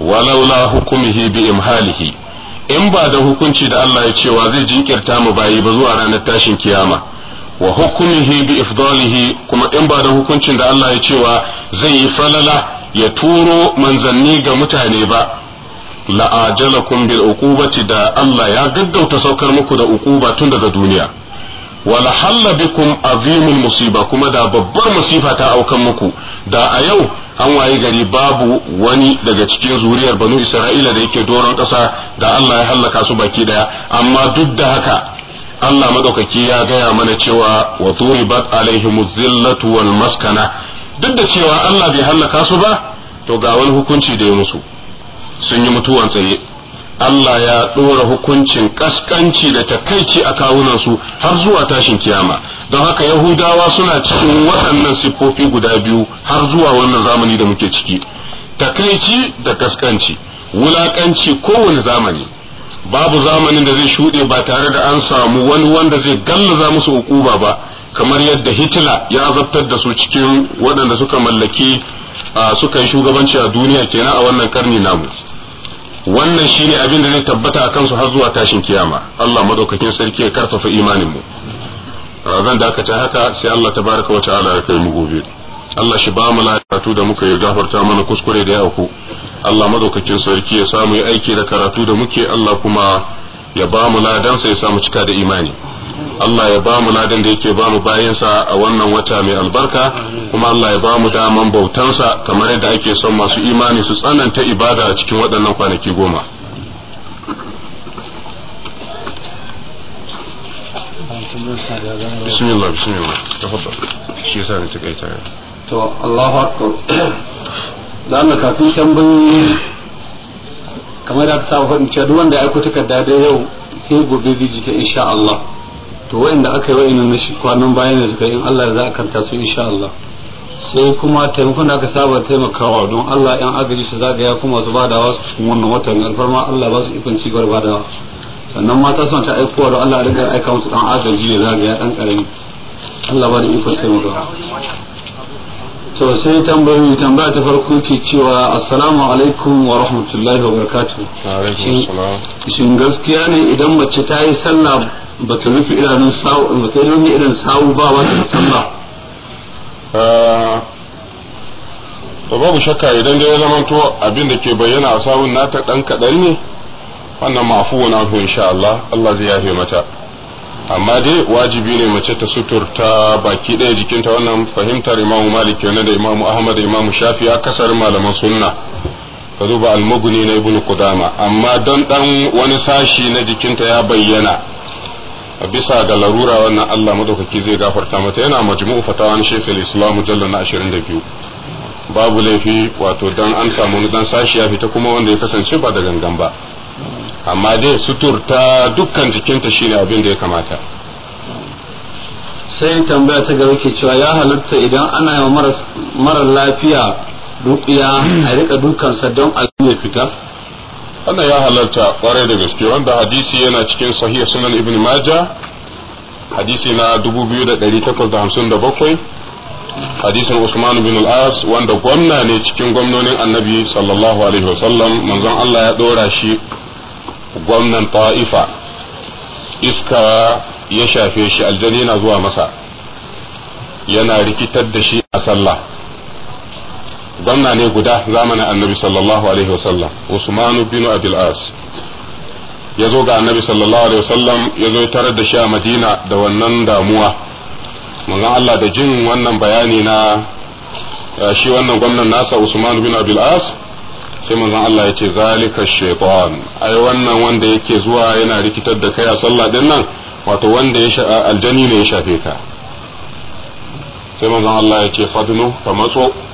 walaula hukumihi bi imhalihi in ba da hukunci da Allah ya cewa zai jinkirta mu bayi ba zuwa ranar tashin kiyama wa hukumihi bi ifdalihi kuma in ba da hukuncin da Allah ya cewa zai yi falala ya turo manzanni ga mutane ba ajalakum bil uqubati da Allah ya gaggauta saukar muku da uquba tun daga duniya wala halla bikum azimul musiba kuma da babbar musifa ta aukan muku da a yau an waye gari babu wani daga cikin zuriyar banu isra'ila da yake doron ƙasa da Allah ya hallaka su baki daya amma duk da haka Allah madaukaki ya gaya mana cewa wa turibat alaihim zillatu wal maskana duk da cewa Allah bai hallaka su ba to ga wani hukunci da ya musu sun yi mutuwan tsaye Allah ya ɗora hukuncin ƙasƙanci da takaici a kawunansu har zuwa tashin kiyama don haka yahudawa suna cikin waɗannan siffofi guda biyu har zuwa wannan zamani da muke ciki takaici da ƙasƙanci wulaƙanci kowane zamani babu zamanin da zai shuɗe ba tare da an samu wani wanda zai gallaza musu hukuma ba kamar yadda hitler ya zartar da su cikin waɗanda suka mallaki suka yi shugabanci a duniya kenan a wannan ƙarni namu wannan shi ne abin da zai tabbata a kansu har zuwa tashin kiyama Allah madaukakin sarki ya karfafa imanin mu zan dakata haka sai Allah tabaraka wa ta'ala ya kai mu gobe Allah shi ba mu lafiya da muka yi gafarta mana kuskure da ya auku Allah madaukakin sarki ya samu ya aiki da karatu da muke Allah kuma ya ba mu sai ya samu cika da imani Allah ya ba mu ladan da yake ba mu bayansa a wannan wata mai albarka kuma Allah ya ba mu daman bautansa kamar yadda ake son masu imani su tsananta ibada a cikin waɗannan kwanaki goma bismillah bismillah shi yasa ne ta to Allahu akbar da mu kafin tambayoyi kamar da ta faɗin cewa duk wanda ya aiko takarda da yau sai gobe biji ta insha Allah to wa'inda aka yi wa'inda na kwanan bayan ne suka in Allah za a karta su insha Allah sai kuma taimakon da aka saba taimakawa don Allah yan agaji su zagaya kuma su badawa su cikin wannan watan alfarma Allah ba su ikon cigaba badawa sannan mata sun ta aikowa don Allah rika aika musu dan agaji da zagaya dan karami Allah ba da ikon taimakawa to sai tambayoyi tambaya ta farko ke cewa assalamu alaikum wa rahmatullahi wa barakatuh shin gaskiya ne idan mace ta yi sallah ba ta rufe idanun sawu ba ta irin sawu ba wata musamman ah, to babu shakka idan dai ya to abin da ke bayyana a sawun nata dan kaɗan ne wannan ma'afuwan abu insha Allah Allah zai yafe mata amma dai wajibi ne mace ta suturta baki ɗaya jikinta wannan fahimtar imamu malik yana da imamu ahmad da imamu shafi a kasar malaman sunna ka zuba almuguni na ibnu kudama amma don dan wani sashi na jikinta ya bayyana bisa ga larura wannan Allah madaukaki zai gafarta mata yana majmu'u fatawan na islam jalla na 22 babu laifi wato dan an samu dan sashi ya fita kuma wanda ya kasance ba da gangan ba amma dai sutur ta dukkan jikinta shine abin da ya kamata sai tambaya ta ga ke cewa ya halatta idan ana yi marar lafiya dukiya a rika dukansa don ya fita wannan ya halarta kwarai da gaske wanda hadisi yana cikin sahih sunan ibn maja hadisi na 2857 hadisin usman bin al-as wanda gwamna ne cikin gwamnonin annabi sallallahu alaihi wasallam manzon Allah ya dora shi gwamnan ta'ifa iska ya shafe shi aljani zuwa masa yana rikitar da shi a sallah gwamna ne guda zamanin annabi sallallahu alaihi wasallam usman bin abil as ya zo ga annabi sallallahu alaihi wasallam ya zo tarar da shi a madina da wannan damuwa manzon Allah da jin wannan bayani na eh, shi wannan gwamnan nasa usman bin abil as sai manzon Allah ya ce zalika shaytan ai wannan wanda yake zuwa yana rikitar da kai a sallah din nan wato wanda ya aljani ne ya shafe ka sai manzon Allah ya ce fadnu fa matso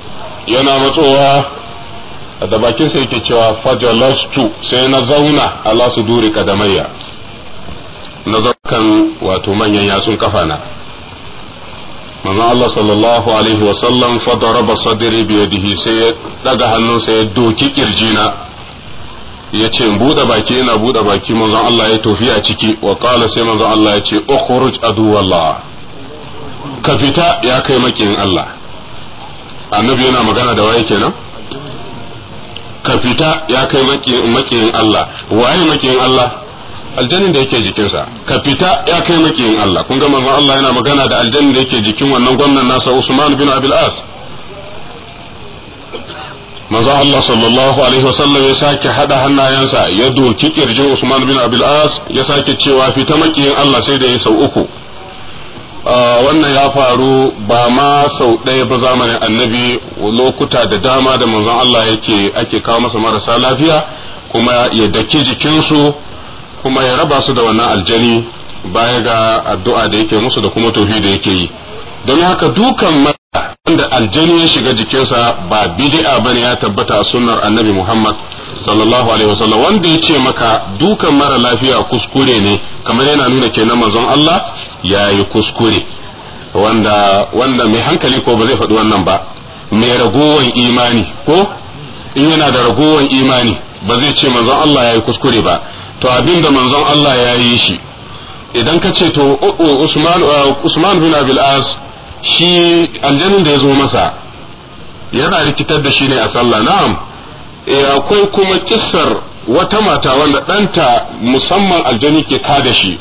yana matsowa da bakin sa yake cewa fajalastu sai na zauna ala su duri kadamayya na zaukan wato manyan yatsun kafa na manzo Allah sallallahu alaihi wa sallam fadaraba sadri bi yadihi sai ya daga hannunsa ya doki kirjina ya ce in buɗe baki yana buɗe baki maza Allah ya tofi a ciki wa qala sai manzon Allah ya ce ukhruj adu wallah ka fita ya kai makin Allah annabi yana magana da waye kenan ka fita ya kai makiyin Allah waye makiyin Allah aljannin da yake jikinsa ka fita ya kai makiyin Allah kun ga manzon Allah yana magana da aljannin da yake jikin wannan gwamnan nasa Usman bin Abil As manzon Allah sallallahu alaihi wasallam ya sake hada hannayensa ya doki kirjin Usman bin Abil As ya sake cewa fita makiyin Allah sai da ya sau uku Ah, wannan ya faru ba ma sau ɗaya ba zamanin annabi lokuta da dama da manzon Allah yake ake kawo masa marasa lafiya kuma ya dake jikinsu kuma ya raba su da wannan aljani baya ga addu'a da yake musu da kuma tofi da yake yi don haka dukan wanda aljani ya shiga jikinsa ba bid'a ne ya tabbata a sunnar annabi Muhammad sallallahu alaihi wasallam wanda ya ce maka dukan mara lafiya kuskure ne kamar yana nuna kenan manzon Allah ya yi kuskure wanda wanda mai hankali ko ba zai faɗi wannan ba mai ragowan imani ko in yana da ragowan imani ba zai ce manzon Allah ya yi kuskure ba to abinda manzon Allah ya yi shi idan ka ce to uh, Usman bin Abil As shi aljanin da ya zo masa yana rikitar da shi ne a sallah na'am e, akwai kuma kissar wata mata wanda ɗanta musamman aljani ke ka da shi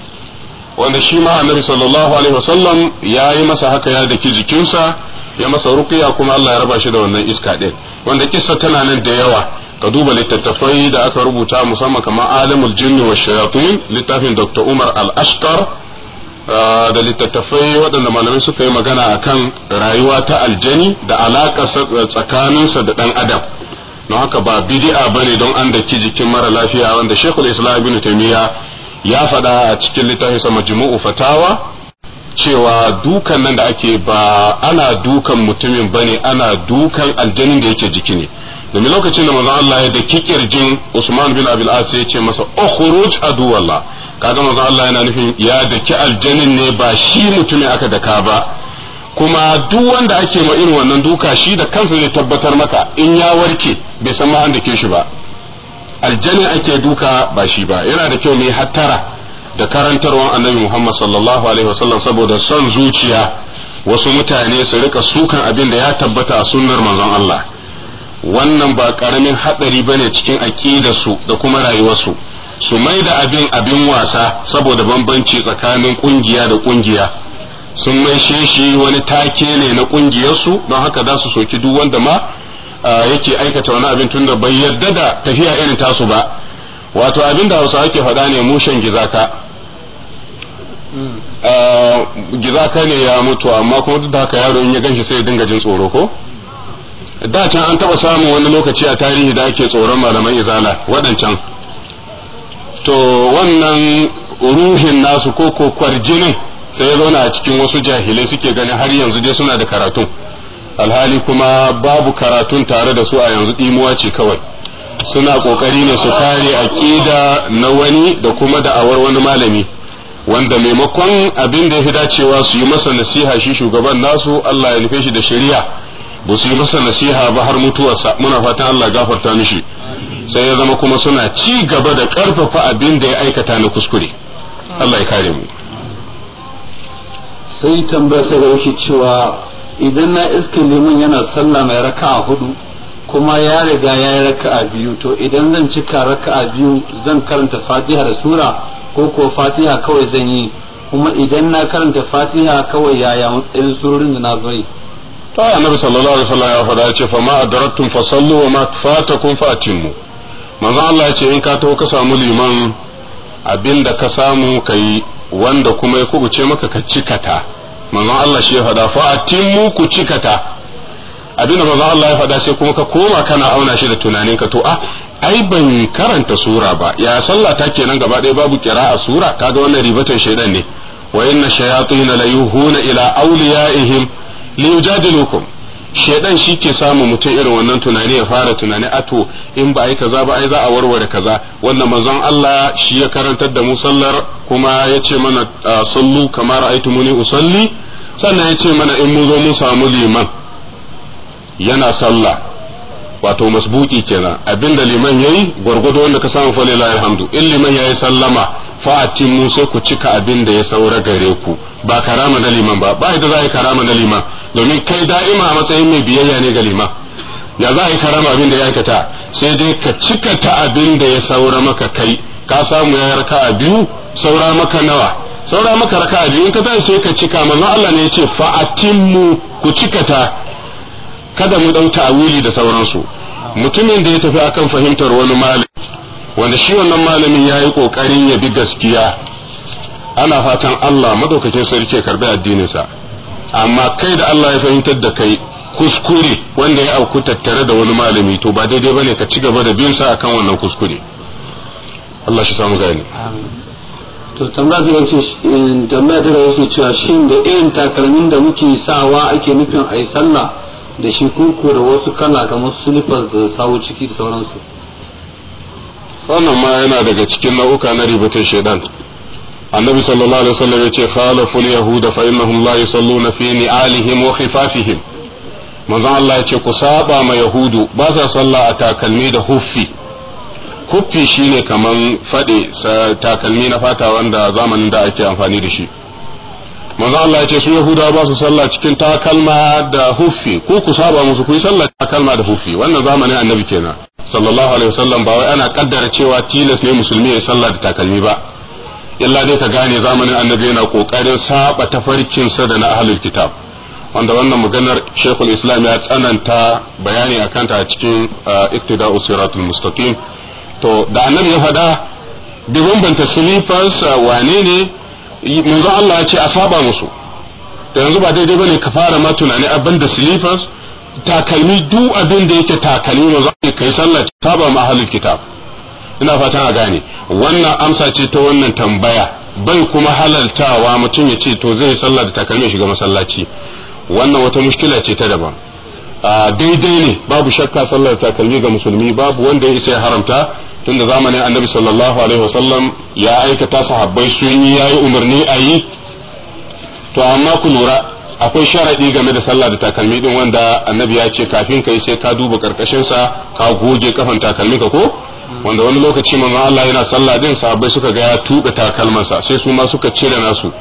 wanda shi ma annabi sallallahu alaihi wasallam ya yi masa haka ya daki jikinsa ya masa ruqiya kuma Allah ya raba shi da wannan iska din wanda kissa tana nan da yawa ka duba littattafai da aka rubuta musamman kamar alimul jinni wa shayatin littafin dr umar al-ashtar ah, da littattafai waɗanda malamai suka yi magana akan rayuwa ta aljani da alaƙa tsakaninsa da ɗan adam don haka ba bidi'a bane don an daki jikin mara lafiya wanda shekul islam ibn taymiya ya faɗa a cikin littafin sa majmu'u fatawa cewa dukan nan da ake ba ana dukan mutumin bane ana dukan aljanin da yake jiki ne domin lokacin da manzo Allah ya daki kirjin Usman bin Abil As ya ce masa ukhruj wallah kaga manzo Allah yana nufin ya da ki aljanin ne ba shi mutumin aka daka ba kuma duk wanda ake ma irin wannan duka shi da kansa zai tabbatar maka in ya warke bai san ma an dake shi ba aljani ake duka ba shi ba yana da kyau ne hattara da karantarwan annabi Muhammad sallallahu alaihi wasallam saboda son zuciya wasu mutane su rika sukan abin da ya tabbata a sunnar manzon Allah wannan ba karamin hadari bane cikin aqidarsu da kuma rayuwarsu su mai da abin abin wasa saboda bambanci tsakanin kungiya da kungiya sun mai shi wani take ne na kungiyarsu don haka za su soki duk wanda ma yake aikata wani abin tunda bai yarda da tafiya irin tasu ba wato abin da hausa yake faɗa ne mushen gizaka gizaka ne ya mutu amma kuma duk da haka yaro in ya ganshi sai ya dinga jin tsoro ko da can an taɓa samun wani lokaci a tarihi da ake tsoron malaman izala waɗancan to wannan ruhin nasu ko ko kwarjinin sai ya zauna a cikin wasu jahilai suke ganin har yanzu dai suna da karatun alhali kuma babu karatun tare da su a yanzu ɗimuwa ce kawai suna ƙoƙari ne su kare aƙida na wani da kuma da'awar wani malami wanda maimakon abin da ya fi dacewa su yi masa nasiha shi shugaban nasu Allah ya nufe shi da shari'a ba su yi masa nasiha ba har mutuwarsa muna fatan Allah gafarta mishi sai ya zama kuma suna ci gaba da ƙarfafa abin da ya aikata na kuskure Allah ya kare mu sai tambayar ta ga cewa idan na iske liman yana sallah mai raka a hudu kuma ya riga ya yi raka a biyu to idan zan cika raka a biyu zan karanta fatiha da sura ko ko fatiha kawai zan yi kuma idan na karanta fatiha kawai yaya matsayin surorin da na zai to nabi sallallahu alaihi wasallam ya faɗa ce fa ma adrattum fa sallu wa ma fatakum fa atimmu manzo Allah ya ce in ka to ka samu liman abinda ka samu kai wanda kuma ya kubuce maka ka cikata manzon Allah shi ya faɗa fa atimmu ku cikata da manzon Allah ya faɗa sai kuma ka koma kana auna shi da tunaninka to a ah, ai ban karanta sura ba ya sallah ta kenan gaba ɗaya babu a sura kaga wannan ribatan shaidan ne wa inna shayatin la yuhuna ila awliyaihim liyujadilukum shedan shi ke samu mutum irin wannan tunani ya fara tunani ato in ba a yi kaza ba ai za a warware kaza wanda manzon Allah shi ya karantar da mu sallar kuma ya ce mana sallu kamar aitumuni usalli sannan ya ce mana in mu zo mun samu liman yana sallah wato masbuki kenan abinda liman yayi gwargwado wanda ka samu fa lillahi alhamdu in liman yayi sallama fa'atin mu sai ku cika abin da ya saura gare ku ba karama na liman ba ba yadda za a yi karama na liman domin kai da'ima a matsayin mai biyayya ne ga liman ya za a yi karama abin da ya aikata sai dai ka cika ta abin da ya saura maka kai ka samu ya a biyu saura maka nawa saura maka a biyu in ka tashi sai ka cika na Allah ne ya ce mu ku cika ta kada mu a wuli da sauransu mutumin da ya tafi akan fahimtar wani malami wanda shi wannan malamin ya yi ƙoƙarin ya bi gaskiya ana fatan Allah madaukakin sarki ya addinin sa amma kai da Allah ya fahimtar da kai kuskure wanda ya auku tattare da wani malami to ba daidai bane ka ci gaba da bin sa akan wannan kuskure Allah shi samu gani to tambaya da yake eh, tambaya da yake cewa shin da irin takalmin da muke sawa ake nufin ayi sallah da shi kuku da wasu kala kamar slippers da sawo ciki da sauransu wannan ma yana daga cikin nau'uka na ribatun shaidan annabi sallallahu alaihi wasallam yace khalaful yahuda fa innahum la yusalluna fi ni'alihim wa khifafihim manzon Allah yace ku saba ma yahudu ba sa sallah a takalmi da huffi huffi shine kaman fade takalmi na fata wanda zamanin da ake amfani da shi manzon Allah yace su yahuda ba su sallah cikin takalma da huffi ku ku saba musu ku yi sallah takalma da huffi wannan zamanin annabi kenan sallallahu alaihi wasallam ba wai ana kaddara cewa tilas ne musulmi ya sallah da takalmi ba illa dai ka gane zamanin annabi yana kokarin saba tafarkinsa da na ahlul kitab wanda wannan maganar shekul islam ya tsananta bayani a ta a cikin uh, iktida'u siratul mustaqim to da annabi ya fada bai bambanta slippers wane ne manzo Allah ya ce a saba musu da yanzu ba daidai bane ka fara ma tunani abin da silifans. takalmi duk abin da yake takalmi manzo Allah kai sallah saba ma ahlul kitab ina fatan a gane wannan amsa ce ta wannan tambaya bai kuma halaltawa mutum ya ce to zai sallah da takalmi shiga masallaci wannan wata mushkila ce ta daban daidai ne babu shakka sallar takalmi ga musulmi babu wanda ya isa ya haramta tunda zamanin annabi sallallahu alaihi wasallam ya aikata sahabbai sun yi yayi umarni a yi to amma ku lura akwai sharaɗi game da sallah da takalmi din wanda annabi ya ce kafin kai sai ka duba karkashin sa ka goge kafan takalmin ka ko wanda wani lokaci ma Allah yana sallah din sahabbai suka ga ya takalman sa sai su ma suka cire nasu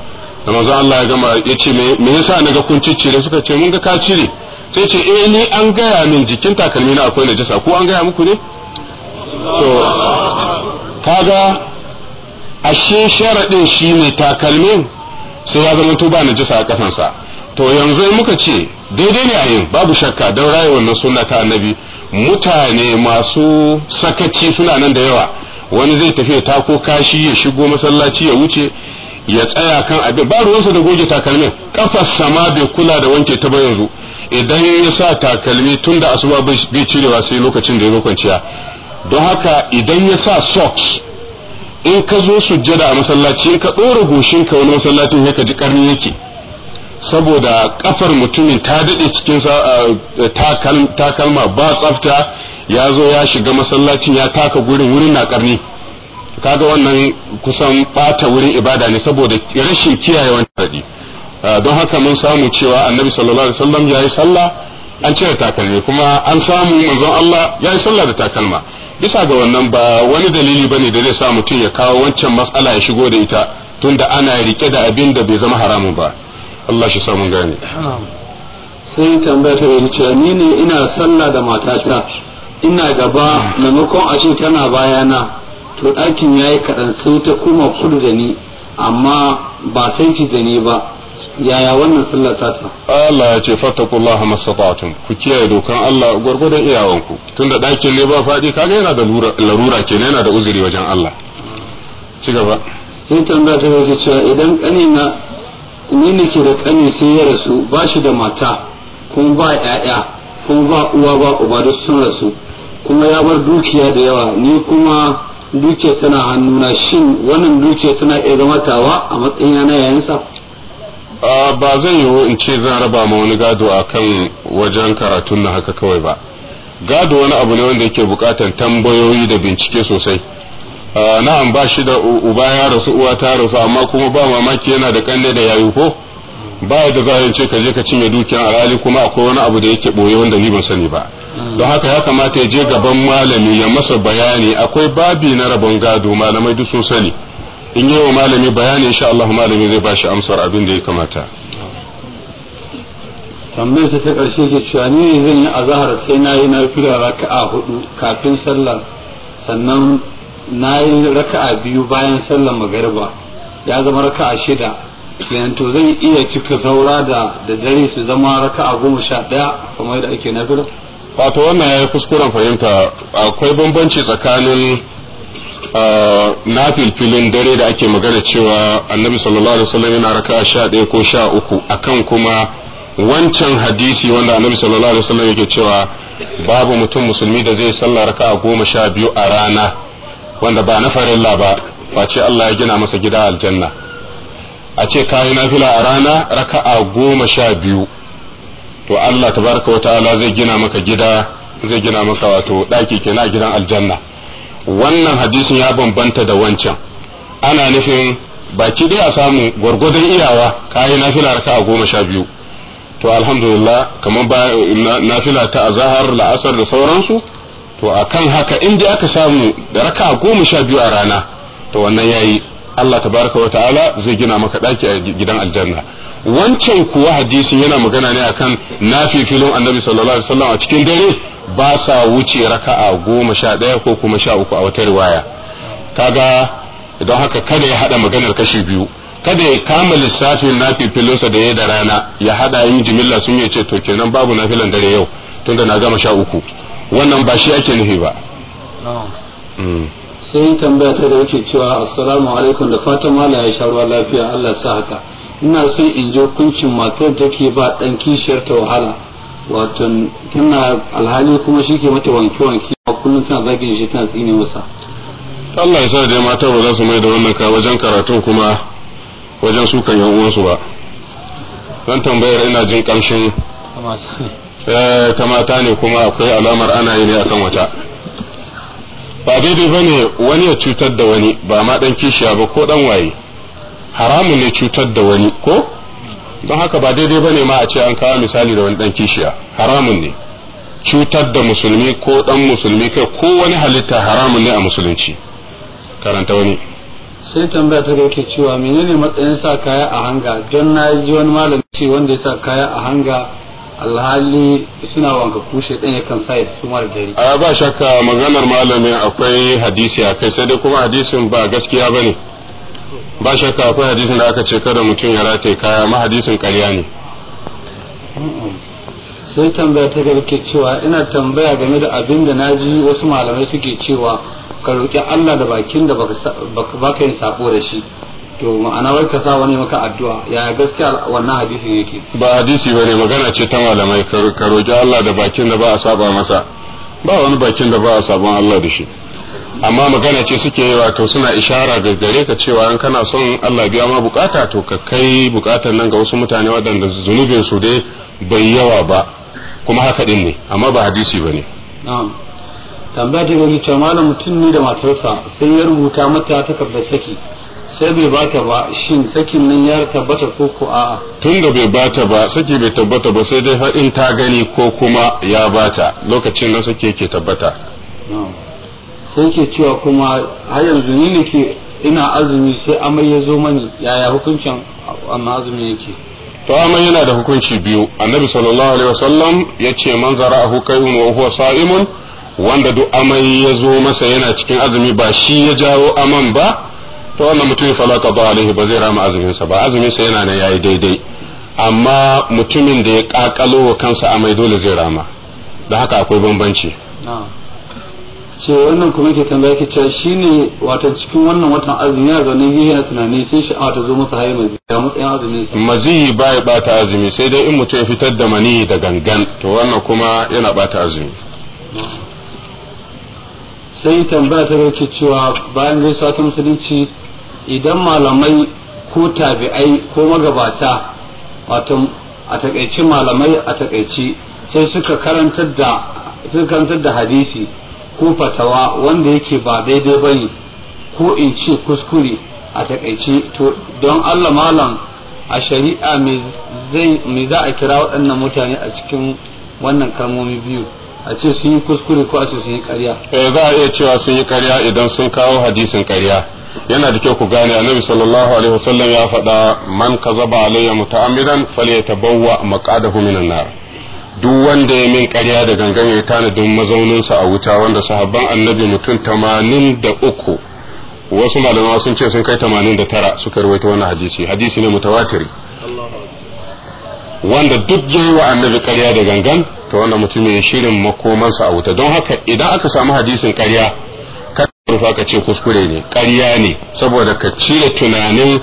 da manzon Allah ya gama ya ce me yasa naga kun ciccire suka ce mun ga ka cire sai ce eh ni an gaya min jikin takalmi na akwai najasa ko an gaya muku ne to kaga ashe sharadin shine takalmin sai ya zama to ba najasa a kasansa to yanzu muka ce daidai ne a yin babu shakka don raye wannan suna ta annabi mutane masu sakaci suna nan da yawa wani zai tafi ya tako kashi ya shigo masallaci ya wuce ya tsaya kan abin ba ruwansa da goge takalmin kafar sama bai kula da wanke ta ba yanzu idan ya sa takalmi tun da asuba bai cirewa sai lokacin da ya zo kwanciya don haka idan ya sa socks in ka zo sujjada a masallaci in ka ɗora goshinka wani masallacin ya ka ji ƙarni yake saboda kafar mutumin ta daɗe cikin takalma ba tsafta ya zo ya shiga masallacin ya taka gurin wurin na karni kaga wannan kusan bata wurin ibada ne saboda rashin kiyaye wannan don haka mun samu cewa annabi sallallahu alaihi wasallam ya yi sallah an cire takalmi kuma an samu manzon Allah ya yi sallah da takalma bisa ga wannan ba wani dalili bane da zai sa mutum ya kawo wancan matsala ya shigo da ita tunda ana rike da abin da bai zama haramun ba Allah shi samu gane sai tambaya ta yi cewa ni ne ina sallah da matata ina gaba maimakon a ce tana bayana to ɗakin ya yi kaɗan sai ta kuma kudu da ni amma ba sai ci da ni ba yaya wannan sallar ta ta Allah ya ce fattakullaha mastata'tum ku kiyaye dokan Allah gwargwadon iyawanku tunda ɗakin ne ba faɗi kaga yana da larura kenan yana da uzuri wajen Allah ci gaba sai tambaya ta wace cewa idan ƙanina ni ne ke da ƙani sai ya rasu ba shi da mata kuma ba ‘ya'ya kuma ba uwa ba uba duk sun rasu kuma ya bar dukiya da yawa ni kuma dukiya tana hannuna shin wannan dukiya tana iya zama tawa a matsayina na yayansa ba zan yiwu in ce zan raba ma wani gado a kan wajen karatun na haka kawai ba gado wani abu ne wanda yake bukatan tambayoyi da bincike sosai Ah, na'am ba shi da uba ya rasu uwa ta rasu amma kuma ba mamaki yana da kanne da yayu ko ba da za ce ka je ka cinye dukiyan alhali kuma akwai wani abu da yake boye wanda ni ban sani ba don haka ya kamata ya je gaban malami ya masa bayani akwai babi na rabon gado malamai duk sun sani in yi wa malami bayani insha Allah malami zai ba shi amsar abin da ya kamata tambayar ta karshe ke cewa ni zan yi azahar sai na yi na fira raka'a hudu kafin sallah sannan na yi raka'a biyu bayan sallar magariba ya zama raka'a shida kenan to zai iya cika saura da da dare su zama raka'a goma sha ɗaya kamar da ake nafila wato wannan ya yi kuskuren fahimta akwai bambanci tsakanin ah, nafilfilin dare da ake magana cewa annabi sallallahu alaihi wasallam yana raka'a sha ɗaya ko sha uku akan kuma wancan hadisi wanda annabi sallallahu alaihi wasallam yake cewa babu mutum musulmi da zai sallar raka'a goma sha biyu a rana wanda ba na farilla ba face Allah ya gina masa gida aljanna a ce kayi nafila a rana raka'a goma sha biyu to Allah tabaraka wa ta'ala zai gina maka gida zai gina maka wato daki kenan a gidan aljanna wannan hadisin ya bambanta da wancan ana nufin baki dai a samu gwargwadon iyawa kayi nafila raka'a goma sha biyu to alhamdulillah kamar ba nafila ta azahar la'asar da sauransu to akan haka in dai aka samu da raka goma sha biyu a rana to wannan yayi Allah tabaraka wa ta'ala zai gina maka daki a gidan aljanna wancan kuwa hadisi yana magana ne akan filin annabi sallallahu alaihi wasallam a cikin dare ba sa wuce raka'a goma sha ɗaya ko kuma sha uku a wata riwaya kaga don haka kada ya haɗa maganar kashi biyu kada ya kama lissafin sa da ya da rana ya haɗa yin jimilla sun ce to kenan babu nafilan dare yau tunda na gama sha uku wannan ba shi ake nufi ba mm. sai tambaya ta da yake cewa assalamu alaikum da fatan mala ya sharuwa lafiya Allah sa haka ina son in ji hukuncin matar da ke ba dan kishiyar ta wahala wato kina alhali kuma shi ke mata wanke wanke a kullum tana zagin shi tana tsine masa Allah ya sa da mata ba za su mai da wannan ka wajen karatun kuma wajen sukan yan uwansu ba zan tambayar ina jin ƙamshin. ta mata ne kuma akwai alamar ana yi ne a kan wata ba daidai ba ne wani ya cutar da wani ba ma ɗan kishiya ba ko ɗan waye haramun ne cutar da wani ko don haka ba daidai ba ne ma a ce an kawo misali da wani ɗan kishiya haramun ne cutar da musulmi ko ɗan musulmi kai ko wani halitta haramun ne a musulunci karanta wani sai tambaya ta dauke cewa menene matsayin sa kaya a hanga don na ji wani malamci ce wanda ya sa kaya a hanga alhali suna wanka kushe ɗan yakan kan sai su mara dare. A ba shakka maganar malamin akwai hadisi a kai sai dai kuma hadisin ba gaskiya ba ne. Ba shakka akwai hadisin da aka ce kada mutum ya rataye kaya ma hadisin ƙarya ne. Sai tambaya ta gaba ke cewa ina tambaya game da abin da na ji wasu malamai suke cewa ka roƙi Allah da bakin da baka yin sabo da shi to ma'ana wai ka sa wani maka addu'a ya gaskiya wannan hadisin yake ba hadisi bane magana ce ta malamai ka roƙi Allah da bakin da ba a saba masa ba wani bakin da ba a saban Allah da shi amma magana ce suke yi wato suna ishara ga gare ka cewa in kana son Allah biya ma bukata to ka kai bukatar nan ga wasu mutane waɗanda zunubin su dai bai yawa ba kuma haka din ne amma ba hadisi bane na'am tambaya ta gari mutum ne da matarsa sai ya rubuta mata takardar saki sai bai bata ba shin sakin nan ya tabbata ko ko a'a tun da bai bata ba saki bai tabbata ba sai dai in ta gani ko kuma ya bata lokacin nan saki yake tabbata sai ke cewa kuma har yanzu ni ne ke ina azumi sai amai ya zo mani yaya hukuncin amma azumi yake to amai yana da hukunci biyu annabi sallallahu alaihi wasallam yace man zara'ahu kayun wa huwa sa'imun wanda duk amai ya zo masa yana cikin azumi ba shi ya jawo aman ba to wannan mutum fala ba alaihi ba zai rama azumin sa ba azumin sa yana nan yayi daidai amma mutumin da ya kakalo wa kansa amai dole zai rama da haka akwai bambanci ce wannan kuma ke tambaya ke cewa shine wata cikin wannan watan azumi ya zane yi yana tunani sai shi ta zo masa haye mai ga matsayin azumi maziyi baya bata azumi sai dai in mutum ya fitar da mani da gangan to wannan kuma yana bata azumi sai tambaya ta rauke cewa bayan gaisuwa ta musulunci idan malamai ko tabi'ai ko magabata wato a takaici malamai a takaici sai suka karantar da suka karantar da hadisi ko fatawa wanda yake ba daidai bane ko in ce kuskure a takaici to don Allah malam a shari'a me za a kira waɗannan mutane a cikin wannan kalmomi biyu a ce sun yi kuskure ko a ce sun yi ƙarya. Eh, za a iya cewa sun yi ƙarya idan sun kawo hadisin ƙarya yana da kyau ku gane annabi sallallahu alaihi wasallam ya faɗa man kazaba alayya muta'ammidan falyatabawwa maqadahu minan nar duk wanda ya min ƙarya da gangan ya mazaunin mazauninsa a wuta wanda sahabban annabi mutum tamanin da uku wasu malama sun ce sun kai tamanin da tara suka rawaita wannan hadisi hadisi ne mutawatiri wanda duk ya yi wa annabi ƙarya da gangan to wanda mutum ya shirin makomansa a wuta don haka idan aka samu hadisin ƙarya rufa ka ce kuskure ne ƙarya ne saboda ka cire tunanin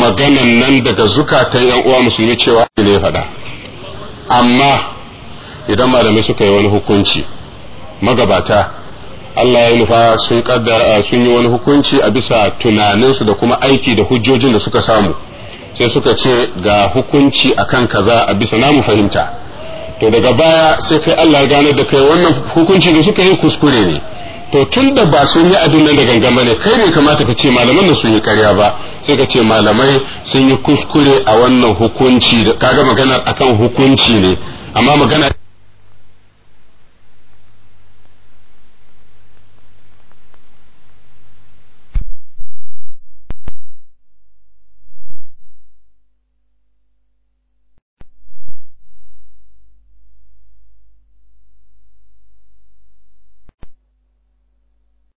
maganan nan daga zukatan yan uwa musulmi cewa ne faɗa amma idan malamai suka yi wani hukunci magabata Allah ya nufa sun kaddara sun yi wani hukunci a bisa tunaninsu da kuma aiki da hujjojin da suka samu sai suka ce ga hukunci akan kaza a bisa namu fahimta to daga baya sai kai Allah ya gane da kai wannan hukunci da suka yi kuskure ne to tun da ba sun yi abin nan da gangan ne kai bai kamata ka ce malaman da sun yi karya ba sai ka ce malamai sun yi kuskure a wannan hukunci da kaga magana akan hukunci ne amma magana